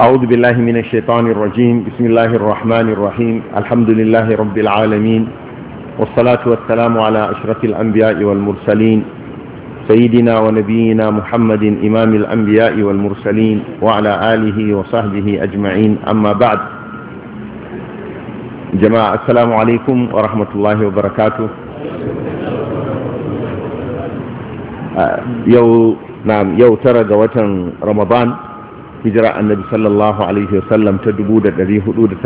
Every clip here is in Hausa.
أعوذ بالله من الشيطان الرجيم بسم الله الرحمن الرحيم الحمد لله رب العالمين والصلاة والسلام على أشرف الأنبياء والمرسلين سيدنا ونبينا محمد إمام الأنبياء والمرسلين وعلى آله وصحبه أجمعين أما بعد جماعة السلام عليكم ورحمة الله وبركاته آه، يو نعم يو ترى رمضان hijira annabi sallallahu alaihi wasallam ta 439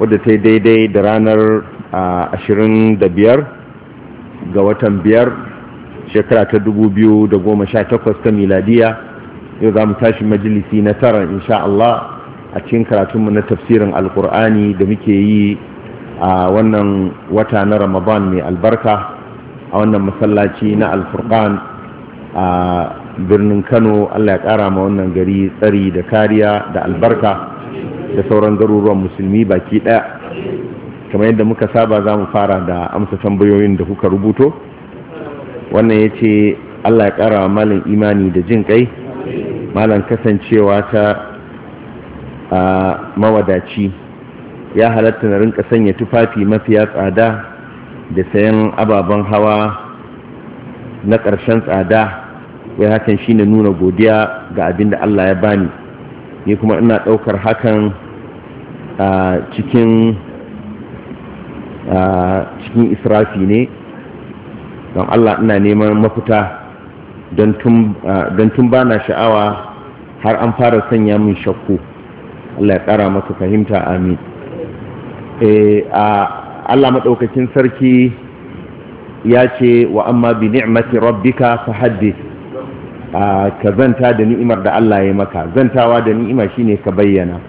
wadda ta yi daidai da ranar 25 ga watan 5 shekara ta 2018 ta miladiya yau za mu tashi majalisi na tara insha Allah a cikin karatunmu na tafsirin alkur'ani da muke yi a wannan wata na ramadan mai albarka a wannan masallaci na alfurkan a birnin kano allah ya kara ma wannan gari tsari da kariya da albarka da sauran garuruwan musulmi baki daya kamar yadda muka saba za mu fara da amsa tambayoyin da kuka rubuto wannan ya ce allah ya kara wa malin imani da jin kai malin kasancewa ta mawadaci ya halatta na rinka sanya tufafi mafiya tsada da sayan ababen hawa na ƙarshen tsada wai hakan shine nuna godiya ga abin da Allah ya bani ni kuma ina ɗaukar hakan a cikin cikin israfi ne don Allah ina neman mafita don tun ba na sha'awa har an fara sanya min shakku Allah ya ƙara masa fahimta amin e, Allah maɗaukakin sarki ya ce wa amma bi ni'mati rabbika fa haddith ka zanta da ni'imar da Allah ya maka zantawa da ni'ima shine ka bayyana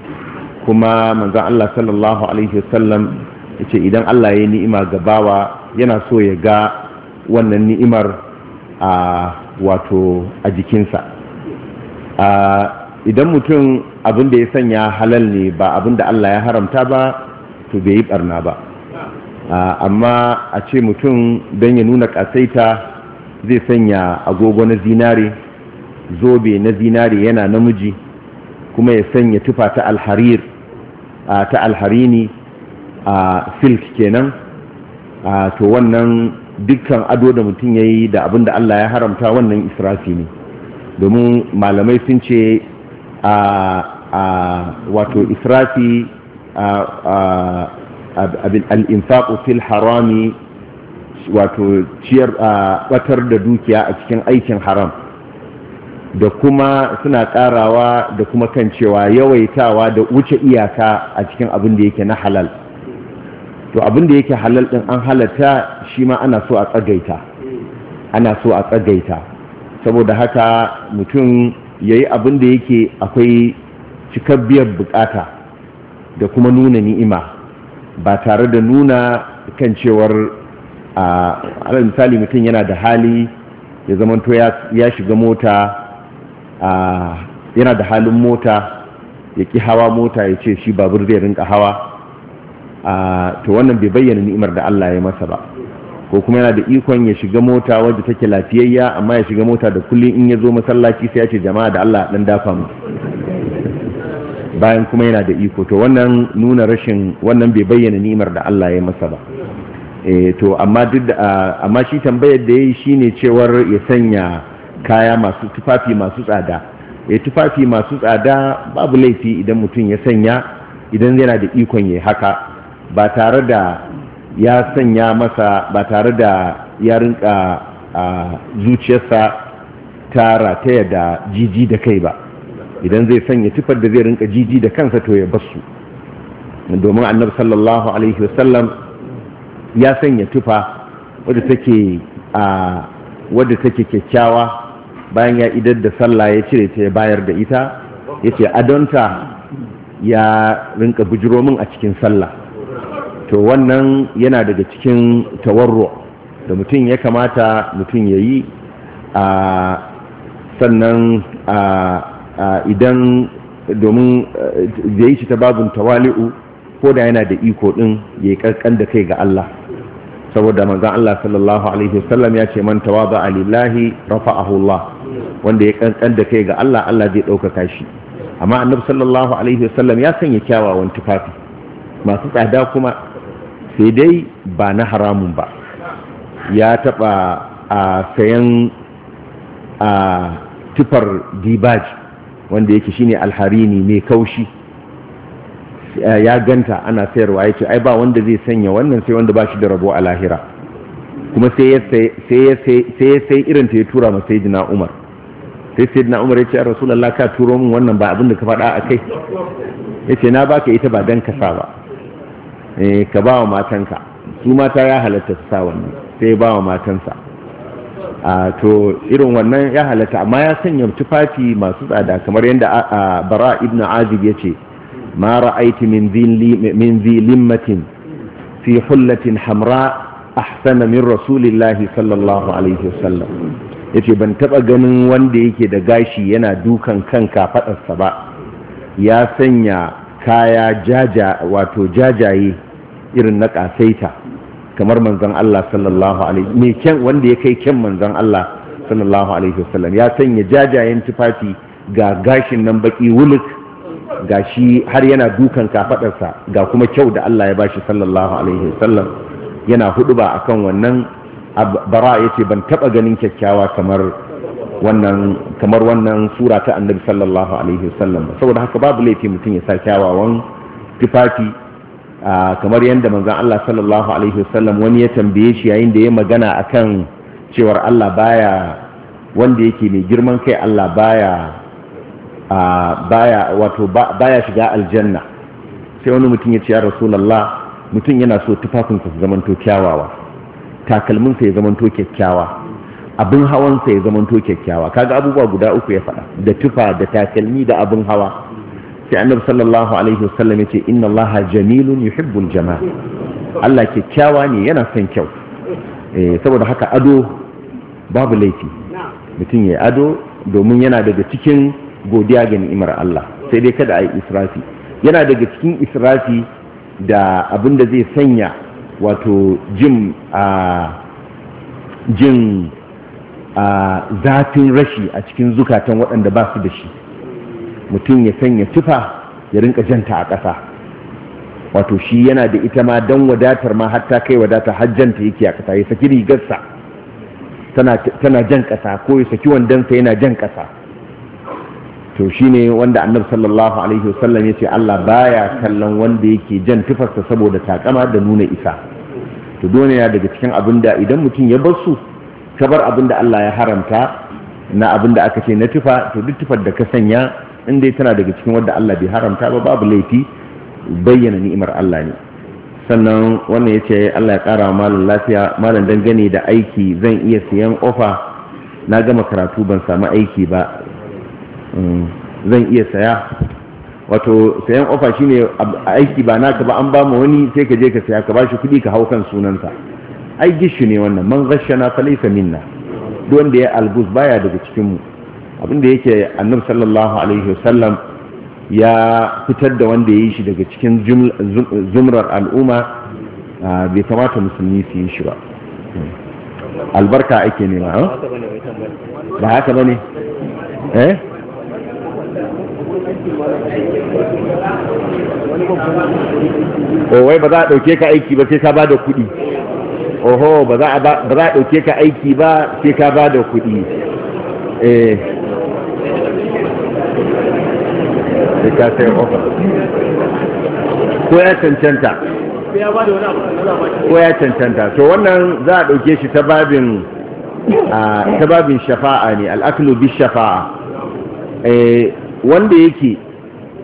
kuma manzon Allah sallallahu alaihi wasallam yace idan Allah ya ni'ima ga bawa yana so ya ga wannan ni'imar a wato a jikinsa idan mutum abin da ya sanya halal ne ba abin da Allah ya haramta ba to bai yi barna ba amma a ce mutum don ya nuna kasaita zai sanya agogo na zinare zobe na zinari yana namiji kuma ya sanya tufa ta alharir ta alharini a silk kenan to wannan dukkan ado da mutum ya yi da abin da Allah ya haramta wannan israfi ne domin malamai sun ce a wato israfi al'infaƙo fil harami wato ciyar a batar da dukiya a cikin aikin haram da kuma suna karawa da kuma kan cewa yawaitawa da wuce iyaka a cikin abin da yake na halal to abin da yake halal din an halatta shi ma ana so a tsagaita ana so a tsagaita saboda haka mutum ya yi abin da yake akwai cikabbiyar bukata da kuma nuna ni'ima ba tare da nuna kan cewar a misali mutum yana da hali ya zamanto ya shiga mota yana da halin mota ya ki hawa mota ya ce shi babur zai rinka hawa to wannan bai bayyana ni'imar da Allah ya masa ba ko kuma yana da ikon ya shiga mota wadda take lafiyayya amma ya shiga mota da kullum in ya zo masallaci sai ya ce jama'a da Allah dan dafa mu bayan kuma yana da iko to wannan nuna rashin wannan bai bayyana ni'imar da Allah ya masa ba eh to amma duk amma shi tambayar da yayi shine cewar ya sanya kaya masu tufafi masu tsada ya eh, tufafi masu tsada babu laifi idan mutum ya sanya idan yana da ikon ya haka ba tare da ya sanya masa ba tare da ya rinka a zuciyarsa ta rataya da jiji da kai ba idan zai sanya tufar da zai rinka jiji da kansa to ya basu domin annabi sallallahu alaihi wasallam ya sanya tufa wadda take a wadda take kyakkyawa bayan ya idar da sallah ya cire ta ya bayar da ita ya ce adonta ya rinka bujiro min a cikin sallah to wannan yana daga cikin tawarro da mutum ya kamata mutum ya yi a sannan idan domin eh, da yi shi ta babin tawali'u ko da yana da iko din ya yi karkan da kai ga Allah saboda manzon Allah sallallahu alaihi wasallam ya ce man tawada lillahi rafa'ahu Allah wanda ya kankan da kai ga Allah Allah zai ɗaukaka shi amma annabi sallallahu alaihi wasallam ya sanya kyawawan tufafi masu tsada kuma sai dai ba na haramun ba ya taɓa a sayan a tufar dibaji wanda yake shine alharini mai kaushi ya ganta ana sayarwa ya ce ai ba wanda zai sanya wannan sai wanda ba shi da rabo a lahira kuma sai ya sai irin ta ya tura ma sai jina umar sai sai jina umar ya ce a lalla ka turo min wannan ba abinda da ka faɗa a kai ya ce na baka ita ba don kasa ba eh, ka ba wa matanka su mata ya halatta su sa wannan sai ba wa matansa a to irin wannan ya halatta amma ya sanya tufafi masu tsada kamar yadda bara ibn azib ya ce ما رأيت من ذي, من ذي لمة في حلة حمراء أحسن من رسول الله صلى الله عليه وسلم yace ban taba ganin wanda yake da gashi yana dukan kan kafadarsa ba ya sanya kaya jaja wato jajaye irin na kasaita kamar manzon Allah sallallahu alaihi me kyan wanda ya kai kyan manzon Allah sallallahu alaihi wasallam ya sanya jajayen tufafi ga gashin nan baki wuluk ga shi har yana dukan kafadarsa ga kuma kyau da Allah ya bashi sallallahu alaihi wasallam yana hudu ba akan wannan bara yace ban taba ganin kyakkyawa kamar wannan kamar wannan sura ta annabi sallallahu alaihi wasallam saboda haka babu laifi mutum ya sa kyawawan tufafi kamar yadda manzon Allah sallallahu alaihi wasallam wani ya tambaye shi yayin da ya magana akan cewar Allah baya wanda yake mai girman kai Allah baya baya wato baya shiga aljanna sai wani mutum ya ce ya rasulallah mutum yana so tufafinsa su zamanto kyawawa takalminsa ya zamanto kyakkyawa abin hawansa ya zamanto kyakkyawa kaga abubuwa guda uku ya faɗa da tufa da takalmi da abin hawa sai annabi sallallahu alaihi wasallam yace inna allaha jamilun yuhibbul jamal Allah kyakkyawa ne yana son kyau eh saboda haka ado babu laifi mutum ya ado domin yana daga cikin godiya ga ni'imar Allah sai dai kada a yi israfi yana daga cikin israfi da abin da zai sanya wato jin a jin a zafin rashi a cikin zukatan waɗanda ba su da shi mutum ya sanya tufa ya rinka janta a ƙasa wato shi yana da ita ma don wadatar ma hatta kai wadata hajjanta yake a ƙasa ya saki rigarsa tana jan ƙasa ko ya saki wandonsa yana jan ƙasa to shi ne wanda annabi sallallahu alaihi wasallam ce Allah baya kallon wanda yake jan tufarsa saboda takama da nuna isa to dole ya daga cikin abinda idan mutum ya bar su ka bar abinda Allah ya haramta na abinda aka ce na tufa to duk tufar da ka sanya in dai tana daga cikin wanda Allah bai haramta ba babu laifi bayyana ni'imar Allah ne sannan wannan ya ce Allah ya kara malam lafiya malam dangane da aiki zan iya siyan ofa na gama karatu ban samu aiki ba zan iya saya wato sayan ofa shine aiki ba naka ba an ba mu wani sai ka je ka saya ka ba shi kuɗi ka hau kan sunansa ai gishu ne wannan man ghashana na laysa minna duk wanda ya albus baya daga cikinmu abinda yake annabi sallallahu alaihi wasallam ya fitar da wanda ya yi shi daga cikin zumrar al'umma bai kamata musulmi su yi shi ba albarka ake nema ba haka ne eh Oh, wai ba za a ɗauke ka aiki ba sai ka ba da kuɗi oho ba za a ɗauke ka aiki ba sai ka ba da kuɗi eh sai ka sai ofa ko ya cancanta ko ya cancanta to wannan za a ɗauke shi ta babin ah, ta babin shafa'a ne al'aklu bi shafa'a eh, wanda yake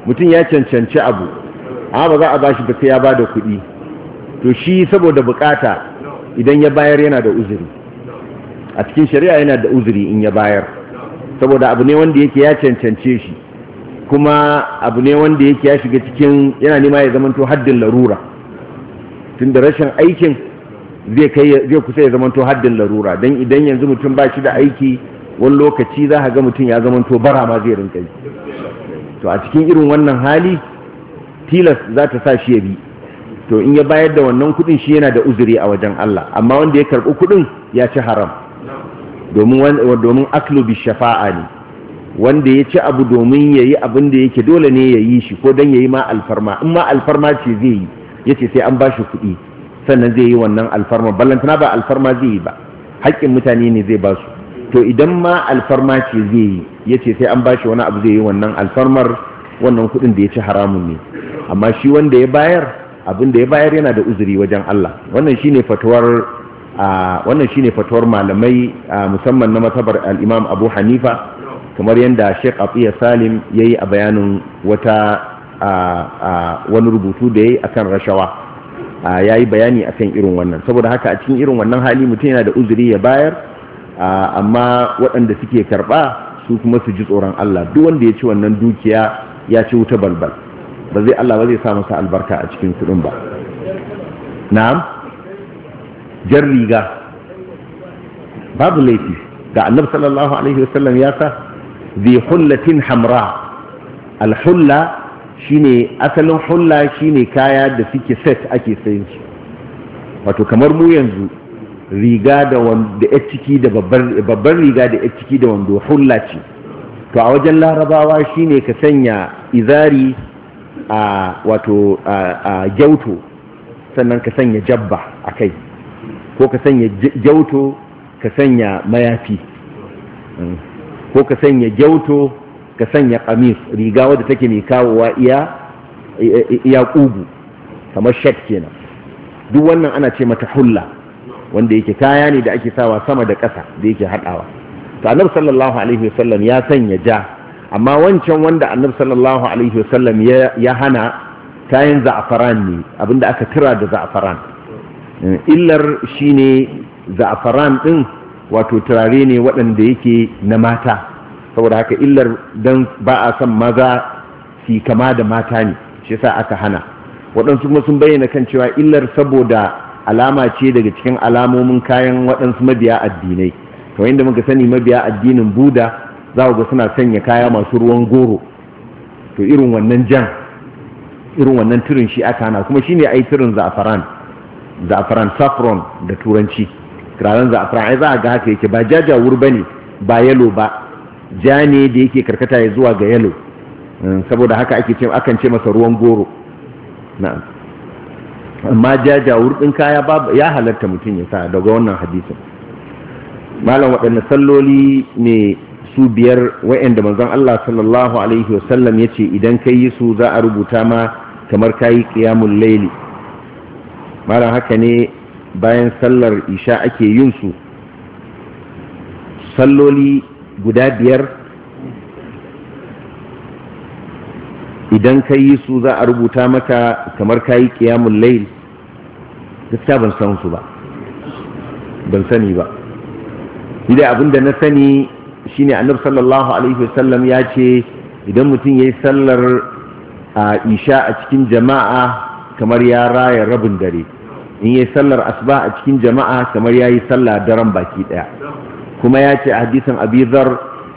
mutum ya cancanci abu a ba za a bashi ba sai ya da kuɗi to shi saboda bukata idan ya bayar yana da uzuri a cikin shari'a yana da uzuri in ya bayar saboda abu ne wanda yake ya cancance shi kuma abu ne wanda yake ya shiga cikin yana nema ya zamanto haddin larura tun da rashin aikin zai kusa ya zamanto haddin larura don idan yanzu mutum ba shi da aiki wani lokaci za ka ga mutum ya zama to bara ma zai rinka yi to a cikin irin wannan hali tilas za ta sa shi ya bi to in ya bayar da wannan kudin shi yana da uzuri a wajen Allah amma wanda ya karɓi kuɗin ya ci haram domin domin aklu bi shafa'a ne wanda ya ci abu domin yi abin da yake dole ne ya yi shi ko don ya yi ma alfarma in ma alfarma ce zai yi yace sai an ba shi kuɗi, sannan zai yi wannan alfarma ballantana ba alfarma zai yi ba haƙƙin mutane ne zai ba su to idan ma alfarma ce zai yi ya ce sai an ba shi wani abu zai yi wannan alfarmar wannan kudin da ya ci haramun ne amma shi wanda ya bayar abin da ya bayar yana da uzuri wajen Allah wannan shine fatuwar wannan shine fatuwar malamai musamman na matabar al-Imam Abu Hanifa kamar yadda Sheikh Atiya Salim yayi a bayanin wata wani rubutu da yayi akan rashawa yayi bayani akan irin wannan saboda haka a cikin irin wannan hali mutum yana da uzuri ya bayar amma waɗanda suke karɓa su kuma su ji tsoron Allah duk wanda ya ci wannan dukiya ya ci wuta balbal ba zai Allah ba zai sa masa albarka a cikin kudin ba na'am jar riga babu laifi ga annabi sallallahu alaihi wasallam ya sa zai hullatin hamra alhulla shine asalin hulla shine kaya da suke set ake sayin shi wato kamar mu yanzu riga da wanda ya ciki da babban riga da ya ciki da wando hulla ce to a wajen larabawa shine ka sanya izari a wato a gyauto sannan ka sanya jabba a kai ko ka sanya gyauto ka sanya mayafi mm. ko ka sanya gyauto ka sanya kamis riga wadda take mai kawowa iya iya kugu kamar shat kenan duk wannan ana ce mata hulla wanda yake kaya ne da ake sawa sama da ƙasa da yake haɗawa to annabi sallallahu alaihi wasallam ya sanya ja amma wancan wanda annabi sallallahu alaihi wasallam ya hana kayan za'afaran ne abinda aka kira da za'afaran eh, illar shine za'afaran din wato turare ne waɗanda yake na mata saboda haka illar dan ba a son maza si kama da mata ne shi yasa aka hana waɗansu kuma sun bayyana kan cewa illar saboda alama ce daga cikin alamomin kayan waɗansu mabiya addinai kamar yadda muka sani mabiya addinin buda za ga suna sanya kaya masu ruwan goro to irin wannan jan irin wannan turin shi aka hana kuma shine ai turin zafran, zafran saffron da turanci turaren zafran ai za ga haka yake ba jajawur bane ba yalo ba ja ne da yake karkata ya zuwa ga yalo hmm, saboda haka ake ce akan ce masa ruwan goro na'am amma jaja wurɗin kaya ya halatta mutum ya sa daga wannan hadisin malam waɗanne salloli ne su biyar wa'anda manzon Allah sallallahu alaihi wasallam ya ce idan ka yi su za a rubuta ma kamar ka yi ƙiyamun laili malam haka ne bayan sallar isha ake yin su salloli guda biyar idan ka yi su za a rubuta maka kamar ka yi ƙiyamun laili gaskiya ban san su ba ban sani ba ni dai abinda na sani shine annabi sallallahu alaihi wasallam ya ce idan mutum yayi sallar isha a cikin jama'a kamar ya raya rabin dare in yayi sallar asuba a cikin jama'a kamar yayi sallah daren baki daya kuma ya ce a hadisin abizar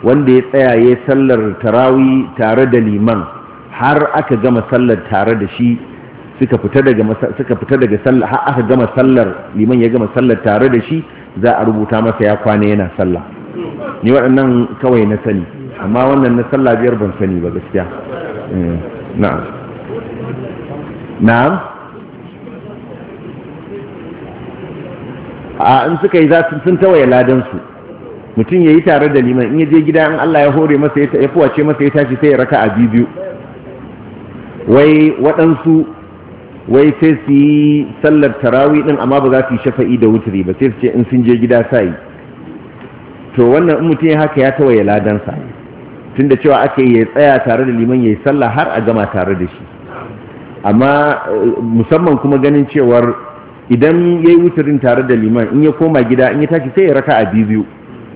wanda ya tsaya yayi sallar tarawi tare da liman har aka gama sallar tare da shi suka fita daga suka fita daga sallah har aka gama sallar liman ya gama sallar tare da shi za a rubuta masa ya kwana yana sallah ni waɗannan kawai na sani amma wannan na sallah biyar ban sani ba gaskiya eh, na'am na'am a in suka yi za su sun tawaye ladan su mutum yayi tare da liman in ya je gida in Allah ya hore masa ya fuwace masa ya tashi sai ya raka a biyu wai waɗansu wai sai su yi sallar tarawi din amma ba za su yi shafa'i da wuturi ba sai su ce in sun je gida sa yi to wannan mutum ya haka ya tawaye ladansa tun da cewa aka yi ya tsaya tare da liman ya yi sallah har a gama tare da shi amma musamman kuma ganin cewar idan ya yi wuturin tare da liman in ya koma gida in ya tashi sai ya raka a biyu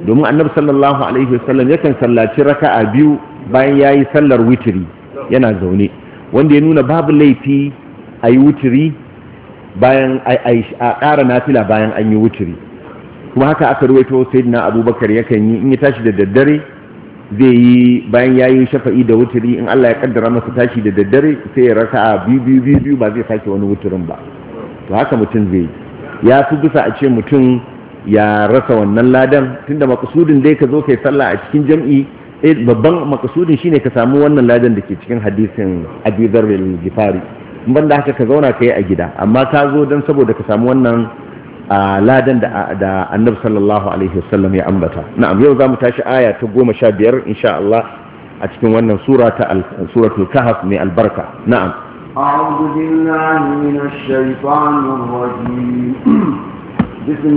domin annabi sallallahu alaihi wasallam yakan sallaci raka a biyu bayan ya yi sallar wuturi yana zaune wanda ya nuna babu laifi a yi wuturi bayan a ƙara nafila bayan an yi wuturi kuma haka aka ruwaito na abubakar yakan yi in ya tashi da daddare zai yi bayan ya yi shafa'i da wuturi in allah ya kaddara masa tashi da daddare sai ya rasa biyu biyu biyu biyu ba zai sake wani wuturin ba to haka mutum zai yi ya fi bisa a ce mutum ya rasa wannan ladan tunda makasudin dai ka zo kai sallah a cikin jam'i eh, babban makasudin shine ka samu wannan ladan da ke cikin hadisin abu dharr gifari banda haka ka zauna ka yi a gida amma ka zo don saboda ka samu wannan ladan da annabi sallallahu alaihi wasallam ya ambata na'am yau za mu tashi aya ta goma sha biyar insha Allah a cikin wannan sura ta suratul kahf mai albarka na'am أعوذ بالله من الشيطان الرجيم بسم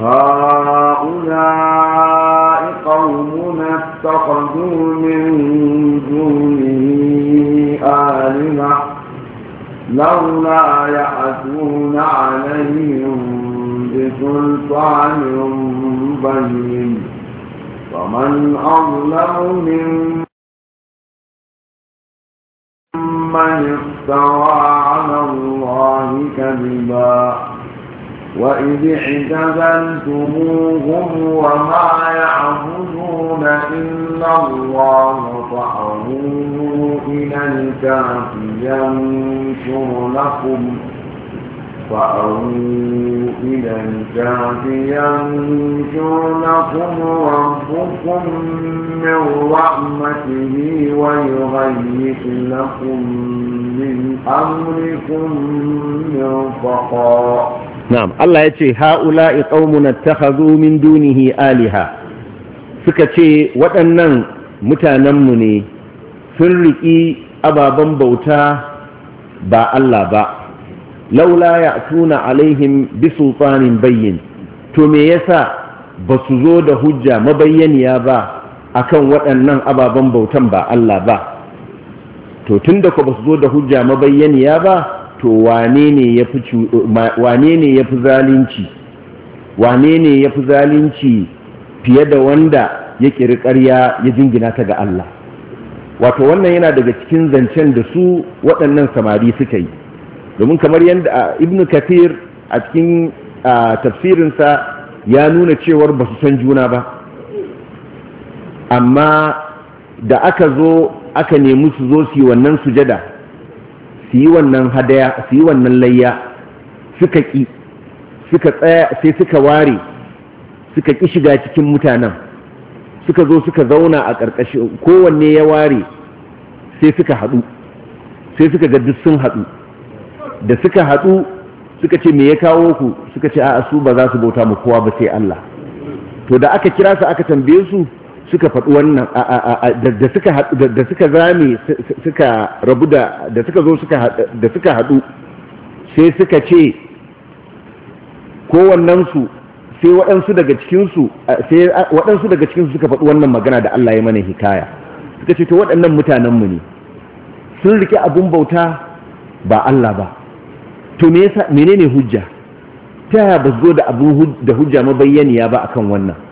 هؤلاء قومنا اتخذوا من دونه آلهة لولا يأتون عليهم بسلطان بين فمن أظلم من من افترى على الله كذبا وإذ اعتزلتموهم وما يعبدون إلا الله إلى الكهف ينشر لكم إلى الكهف ينشر لكم ربكم من رحمته ويهيئ لكم من أمركم مرفقا na'am Allah ya ce ha'ula'i qaumuna takhadhu min dunihi aliha suka ce waɗannan mutanenmu ne sun riƙi ababen bauta ba Allah ba laula yatuna alaihim bi sultanin bayyin to me yasa ba su zo da hujja mabayyaniya ba akan waɗannan ababen bautan ba Allah ba to tunda ba su zo da hujja mabayyaniya ba to wane ne ya fi zalunci wane ne ya fi zalunci fiye da wanda ya ƙiri ƙarya ya jingina ta ga Allah wato wannan yana daga cikin zancen da su waɗannan samari suka yi domin kamar yadda ibn kathir a cikin tafsirinsa ya nuna cewar ba su san juna ba amma da aka zo aka nemi su zo su yi wannan sujada su yi wannan hadaya su yi wannan layya suka ƙi suka tsaya sai suka ware suka ƙi shiga cikin mutanen suka zo suka zauna a ƙarƙashin kowanne ya ware sai suka haɗu sai suka ga duk sun haɗu da suka haɗu suka ce me ya kawo ku suka ce a'a su ba za su bauta mu kowa ba sai Allah to da aka kira su aka tambaye su suka faɗi wannan da suka da suka zame suka rabu da da suka zo suka da suka haɗu sai suka ce su sai waɗansu daga su sai waɗansu daga cikinsu suka faɗi wannan magana da Allah ya mana hikaya suka ce to waɗannan mutanenmu ne sun rike abun bauta ba Allah ba to me yasa menene hujja ta ba zo da abu da hujja mabayyaniya ba akan wannan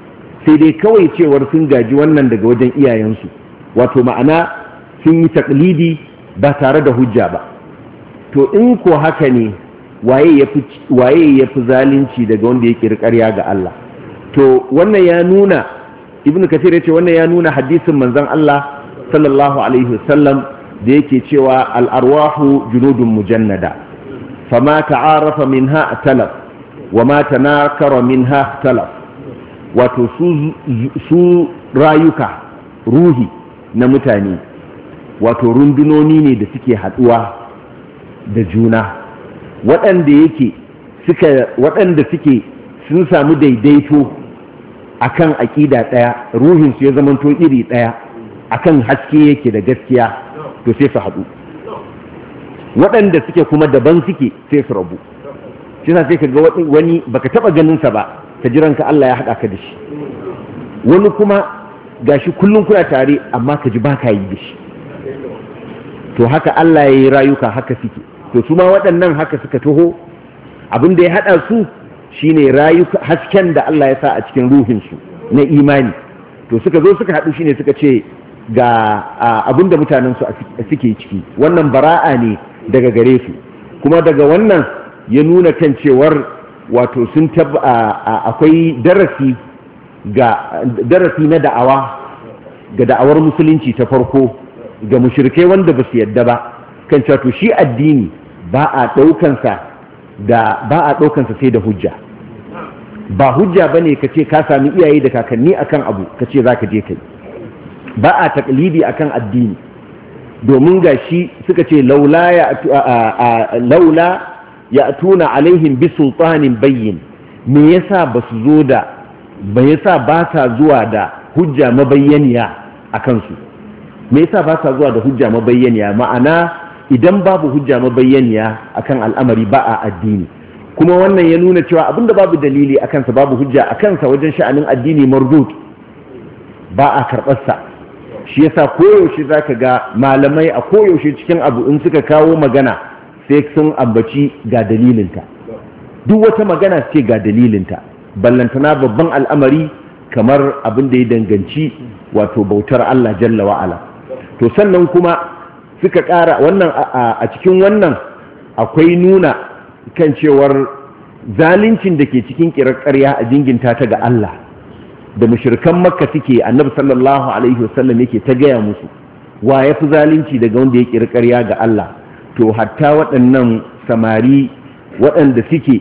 sai dai kawai cewar sun gaji wannan daga wajen iyayensu wato ma'ana sun yi taklidi ba tare da hujja ba to in ko haka ne waye ya fi zalunci daga wanda ya ƙirƙarya ga Allah to wannan ya nuna ibn kathir ya ce wannan ya nuna hadisin manzon Allah sallallahu alaihi wasallam da yake cewa al'arwahu junudun mujannada fama ta'arafa minha talaf wa ma tanakara minha talaf wato su rayuka ruhi na mutane wato rundunoni ne da suke haɗuwa da juna waɗanda yake suka waɗanda suke sun samu daidaito a kan aƙida ɗaya ruhinsu ya zamanto iri ɗaya a kan haske yake da gaskiya to sai su haɗu waɗanda suke kuma daban suke sai su rabu shi sai ka ga wani baka taɓa ganinsa ba ka jiran ka Allah ya haɗa ka da shi wani kuma gashi kullum kuna tare amma ka ji baka yi da shi to haka Allah ya yi rayuka haka suke to su ma waɗannan haka suka taho abin da ya haɗa su shine rayuka hasken da Allah ya sa a cikin ruhinsu na imani to suka zo suka haɗu shine suka ce ga abin da mutanensu suke ciki wannan bara'a ne daga gare su kuma daga wannan ya nuna kan cewar wato sun akwai darasi ga darasi na da'awa ga da'awar musulunci ta farko ga mushrikai wanda ba su yadda ba kan cewa to shi addini ba a ɗaukansa da ba a ɗaukansa sai da hujja ba hujja bane ka ce ka sami iyaye da kakanni akan abu ka ce za je kai ba a taklidi akan addini domin ga shi suka ce ya… laula Yatuna tuna alaihim bi sultanin bayyin me yasa ba su zo da ba yasa ba ta zuwa da hujja mabayyaniya a kansu me yasa ba ta zuwa da hujja mabayyaniya ma'ana idan babu hujja mabayyaniya akan al'amari ba a addini kuma wannan ya nuna cewa abinda babu dalili a kansa babu hujja a kansa wajen sha'anin addini mardut ba a karɓarsa shi yasa koyaushe za ka ga malamai a koyaushe cikin abu in suka kawo magana sai sun ambaci ga dalilinta duk wata magana ce ga dalilinta ballantana babban al'amari kamar abin da ya danganci wato bautar Allah jalla wa'ala to sannan kuma suka ƙara wannan a cikin wannan akwai nuna kan cewar zalincin da ke cikin ƙirar karya a jinginta ta ga Allah da mushirikan makka suke annabi sallallahu alaihi wasallam yake ta gaya musu wa ya fi zalunci daga wanda ya ƙirƙarya ga Allah to hatta waɗannan samari waɗanda suke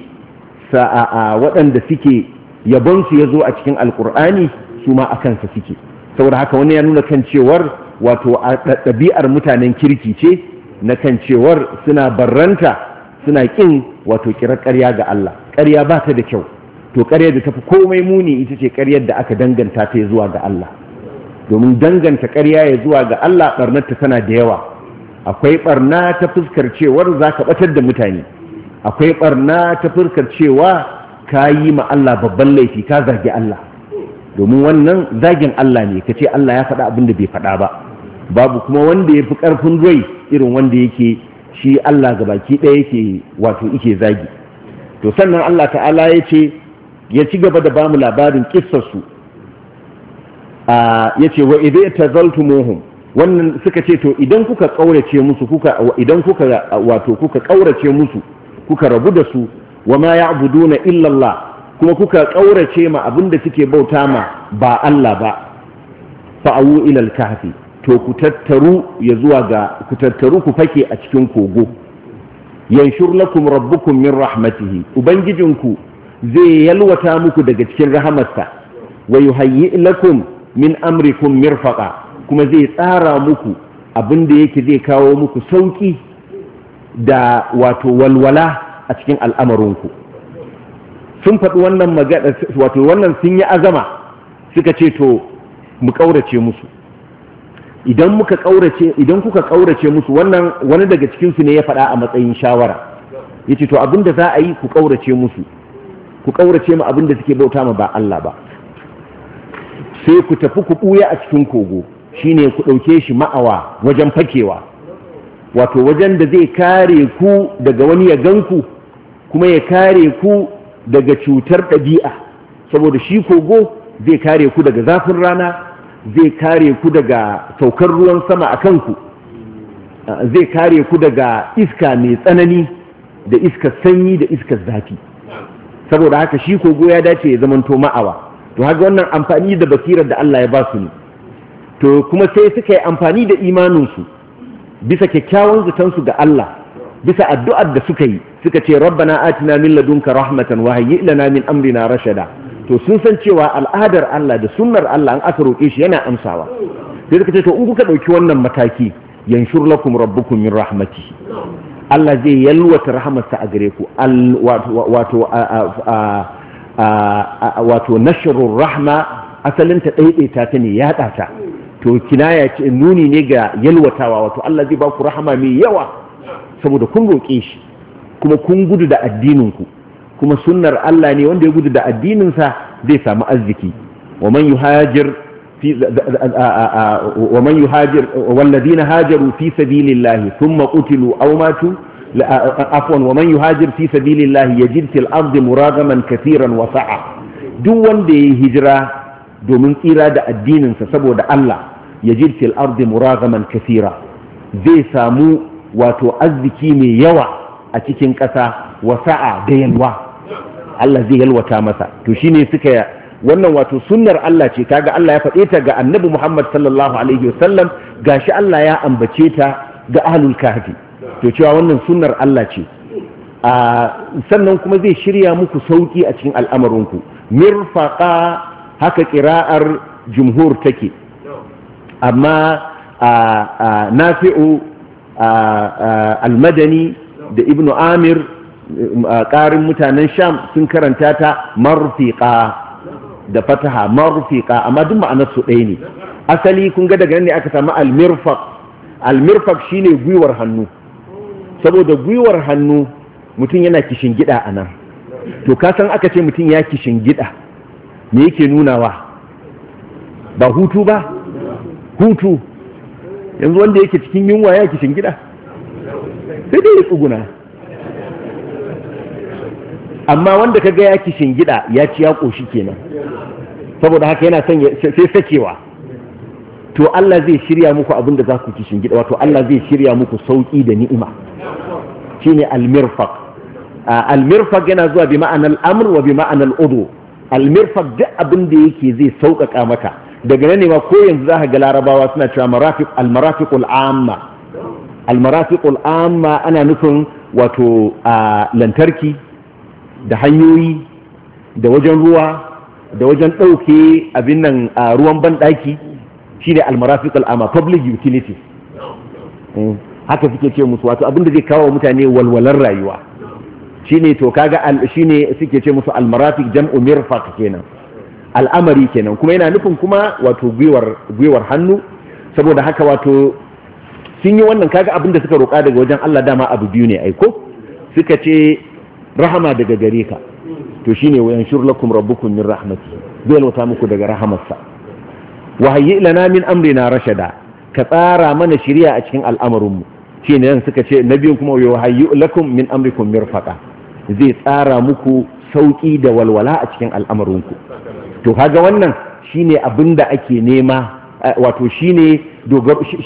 sa'a waɗanda suke yabonsu ya zo a cikin alkur'ani su ma a kansa suke saboda haka wani ya nuna kan cewar wato ɗabi'ar mutanen kirki ce na kan cewar suna barranta suna ƙin wato kirar ƙarya ga Allah ƙarya ba ta da kyau to ƙaryar da tafi komai muni ita ce ƙaryar da aka danganta ta zuwa ga Allah domin danganta ƙarya ya zuwa ga Allah ta tana da yawa akwai barna ta fuskar cewa za ka batar da mutane akwai barna ta fuskar cewa ka yi ma Allah babban laifi ka zagi Allah domin wannan zagin Allah ne ka ce Allah ya faɗa abin da bai faɗa ba babu kuma wanda ya fi ƙarfin rai irin wanda yake shi Allah ga baki ɗaya yake wato yake zagi to sannan Allah ta'ala ya ce ya ci gaba da bamu labarin kissarsu a ya ce wa idai tazaltumuhum wannan suka ce to idan kuka kaurace musu kuka idan kuka wato kuka kaurace musu kuka rabu da su wa ma ya'buduna illa Allah kuma kuka kaurace ma abinda suke bauta ma ba Allah ba fa'awu ila al-kahfi to ku tattaru ya zuwa ga ku tattaru ku fake a cikin kogo yanshur lakum rabbukum min rahmatihi ubangijinku zai yalwata muku daga cikin rahamarsa wa yuhayyi lakum min amrikum mirfaqa kuma zai tsara muku abin da yake zai kawo muku sauki da wato walwala a cikin al'amarinku sun faɗi wannan magana wato wannan sun yi azama suka ce to mu ƙaurace musu idan muka ƙaurace idan kuka ƙaurace musu wannan wani daga cikinsu ne ya faɗa a matsayin shawara ya ce to abin za a yi ku ƙaurace musu ku ƙaurace mu abinda suke bauta ma ba Allah ba sai ku tafi ku ɓuya a cikin kogo Shi ne ku ɗauke shi ma'awa wajen fakewa wato wajen da zai kare ku daga wani ya ganku kuma ya kare ku daga cutar ɗabi'a saboda shi kogo zai kare ku daga zafin rana zai kare ku daga saukar ruwan sama a kanku zai kare ku daga iska mai tsanani da iskar sanyi da iskar zafi saboda haka shi kogo ya dace ya zamanto ma'awa to haka wannan amfani da basirar da Allah ya ba su ne to kuma sai suka yi amfani da imaninsu bisa kyakkyawan zutansu ga Allah bisa addu'ar da suka yi suka ce Rabba rabbana na min ladunka rahmatan wa hayyi lana min amrina rashada to sun san cewa al'adar Allah da sunnar Allah an aka roƙe shi yana amsawa sai suka ce to in kuka ɗauki wannan mataki yanshur lakum rabbukum min rahmati Allah zai yalwata rahamarsa a gare ku wato wato nashrur rahma asalin ta ɗaiɗaita ta ne ya ta to kinaya ce nuni ne ga yalwatawa wato Allah zai baku ku rahama mai yawa saboda kun roƙe shi kuma kun gudu da addininku kuma sunnar Allah ne wanda ya gudu da addininsa zai samu arziki wa man yuhajir في ومن يهاجر والذين hajaru fi sabilillahi thumma qutilu aw matu afwan. Wa man yuhajir fi sabilillahi yajid fil ardi muragaman kathiran wa sa'a duk wanda ya hijira domin tsira da addininsa saboda Allah yajid fil ardi muragaman kathira zai samu wato arziki mai yawa a cikin ƙasa wasa'a da yalwa Allah zai yalwata masa to shine suka wannan wato sunnar Allah ce kaga Allah ya faɗe ta ga Annabi Muhammad sallallahu alaihi wasallam gashi Allah ya ambace ta ga ahlul kahfi to cewa wannan sunnar Allah ce sannan kuma zai shirya muku sauki a cikin al'amarinku mirfaqa haka ƙira'ar jumhur take amma nafi'u almadani da ibnu amir ƙarin mutanen sham sun karanta ta marfiƙa da fataha marfiƙa amma duk ma'anar su ɗaya ne asali kun ga daga nan ne aka samu almirfaq almirfaq shine gwiwar hannu saboda gwiwar hannu mutum yana kishin gida a nan to ka san aka ce mutum ya kishin gida me yake nunawa ba hutu ba hutu yanzu wanda yake cikin yunwa ya kishin gida sai dai ya tsuguna amma wanda ka ga ya kishin gida ya ci ya ƙoshi kenan saboda haka yana son sai sakewa to Allah zai shirya muku abin da za ku kishin gida wato Allah zai shirya muku sauƙi da ni'ima ne almirfaq almirfaq yana zuwa bi ma'anar amr wa bi ma'anar udu almirfaq duk abin da yake zai sauƙaƙa maka daga nan ne ma ko yanzu za ka ga larabawa suna cewa marafiq al-marafiq al-amma al-marafiq al-amma ana nufin wato lantarki da hanyoyi da wajen ruwa da wajen ɗauke abin nan ruwan banɗaki shi ne al-marafiq al-amma public utilities eh, haka suke ce musu wato abin da zai kawo mutane walwalar rayuwa shine to kaga shine suke ce musu al-marafiq jam'u mirfaq kenan al'amari kenan kuma yana nufin kuma wato gwiwar hannu saboda haka wato sun yi wannan kaga abinda suka roƙa daga wajen Allah dama abu biyu ne aiko suka ce rahama daga gare ka to shine wa yanshur lakum rabbukum min rahmati zai lauta muku daga rahamarsa wa hayyi lana min amrina rashada ka tsara mana shiriya a cikin al'amarin mu shine nan suka ce nabiyin kuma wa hayyi lakum min amrikum mirfaqa zai tsara muku sauki da walwala a cikin al'amarin to kaga wannan shine abin da ake nema wato shine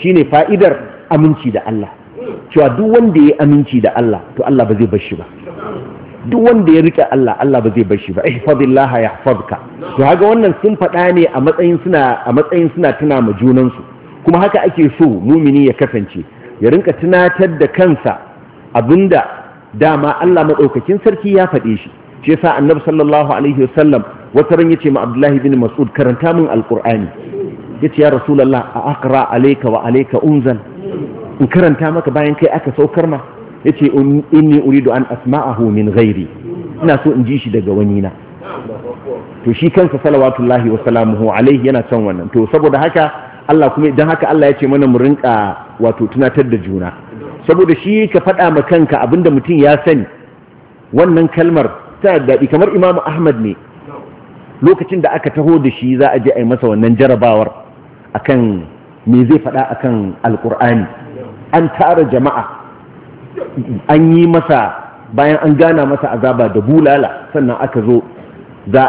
shine fa'idar aminci da Allah cewa duk wanda ya aminci da Allah to Allah ba zai bar shi ba duk wanda ya rike Allah Allah ba zai bar shi ba ihfazillah yahfazka to kaga wannan sun faɗa ne a matsayin suna a matsayin suna tuna ma junan su kuma haka ake so mumini ya kasance ya rinka tunatar da kansa abinda dama Allah madaukakin sarki ya faɗe shi shi yasa annabi sallallahu alaihi wasallam wata ran yace ma abdullahi bin mas'ud karanta min alqur'ani yace ya rasulullah a aqra alayka wa alayka unzal in karanta maka bayan kai aka saukar ma yace inni uridu an asma'ahu min ghairi ina so in ji shi daga wani na to shi kansa salawatullahi wa salamuhu Alayhi yana son wannan to saboda haka Allah kuma idan haka Allah ya ce mana mu rinka wato tunatar da juna saboda shi ka faɗa ma kanka abinda mutum ya sani wannan kalmar ta daɗi kamar Imam Ahmad ne lokacin da aka taho da shi za a je a yi masa wannan jarabawar akan me zai faɗa akan alkur'ani an tara jama'a an yi masa bayan an gana masa azaba da bulala sannan aka zo za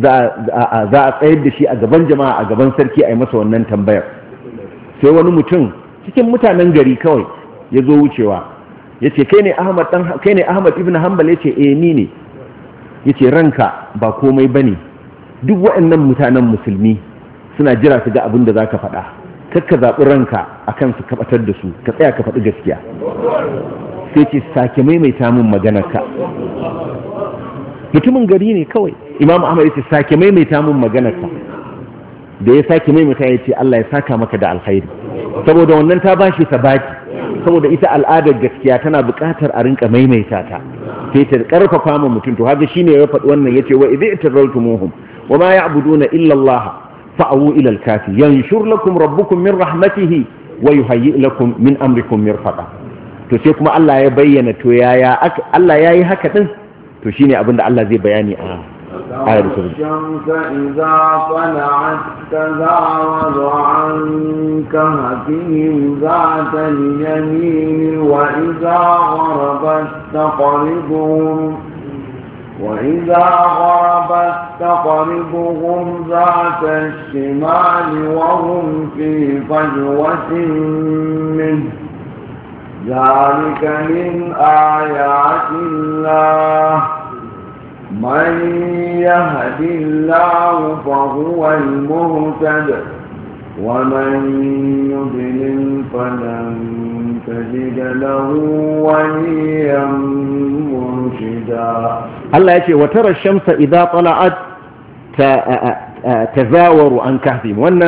tsayar da shi a gaban jama'a a gaban sarki a yi masa wannan tambayar sai wani mutum cikin mutanen gari kawai ya zo wucewa ya ce kai ne ahmad ibn hanbal ya ce eh ni ne yace ranka ba komai bane duk waɗannan mutanen musulmi suna jira su ga abin da zaka faɗa kakka zaɓi ranka akan su kabatar da su ka tsaya ka faɗi gaskiya sai ce sake maimaita min maganarka mutumin gari ne kawai imam ahmad yace sake maimaita min maganarka da ya sake maimaita yace Allah ya saka maka da alkhairi saboda wannan ta bashi sabaki saboda ita al'adar gaskiya tana buƙatar a rinka maimaita ta sai ta karfafa ma mutum to haka shine ya faɗi wannan yace wa idza tadalltumuhum wa ma ya'buduna illa Allah fa'u ila al-kafi yanshur lakum rabbukum min rahmatihi wa yuhayyi lakum min amrikum mirfaqa to sai kuma Allah ya bayyana to yaya Allah yayi haka din to shine abinda Allah zai bayani a آية الشمس إذا طلعت تزاوز عن كهفهم ذات اليمين وإذا غربت تقربهم وإذا غربت تقربهم ذات الشمال وهم في فجوة منه ذلك من آيات الله من يهد الله فهو المهتد ومن يضلل فلن تجد له وليا مرشدا الله يقول وترى الشمس إذا طلعت تزاور عن كهفهم وأن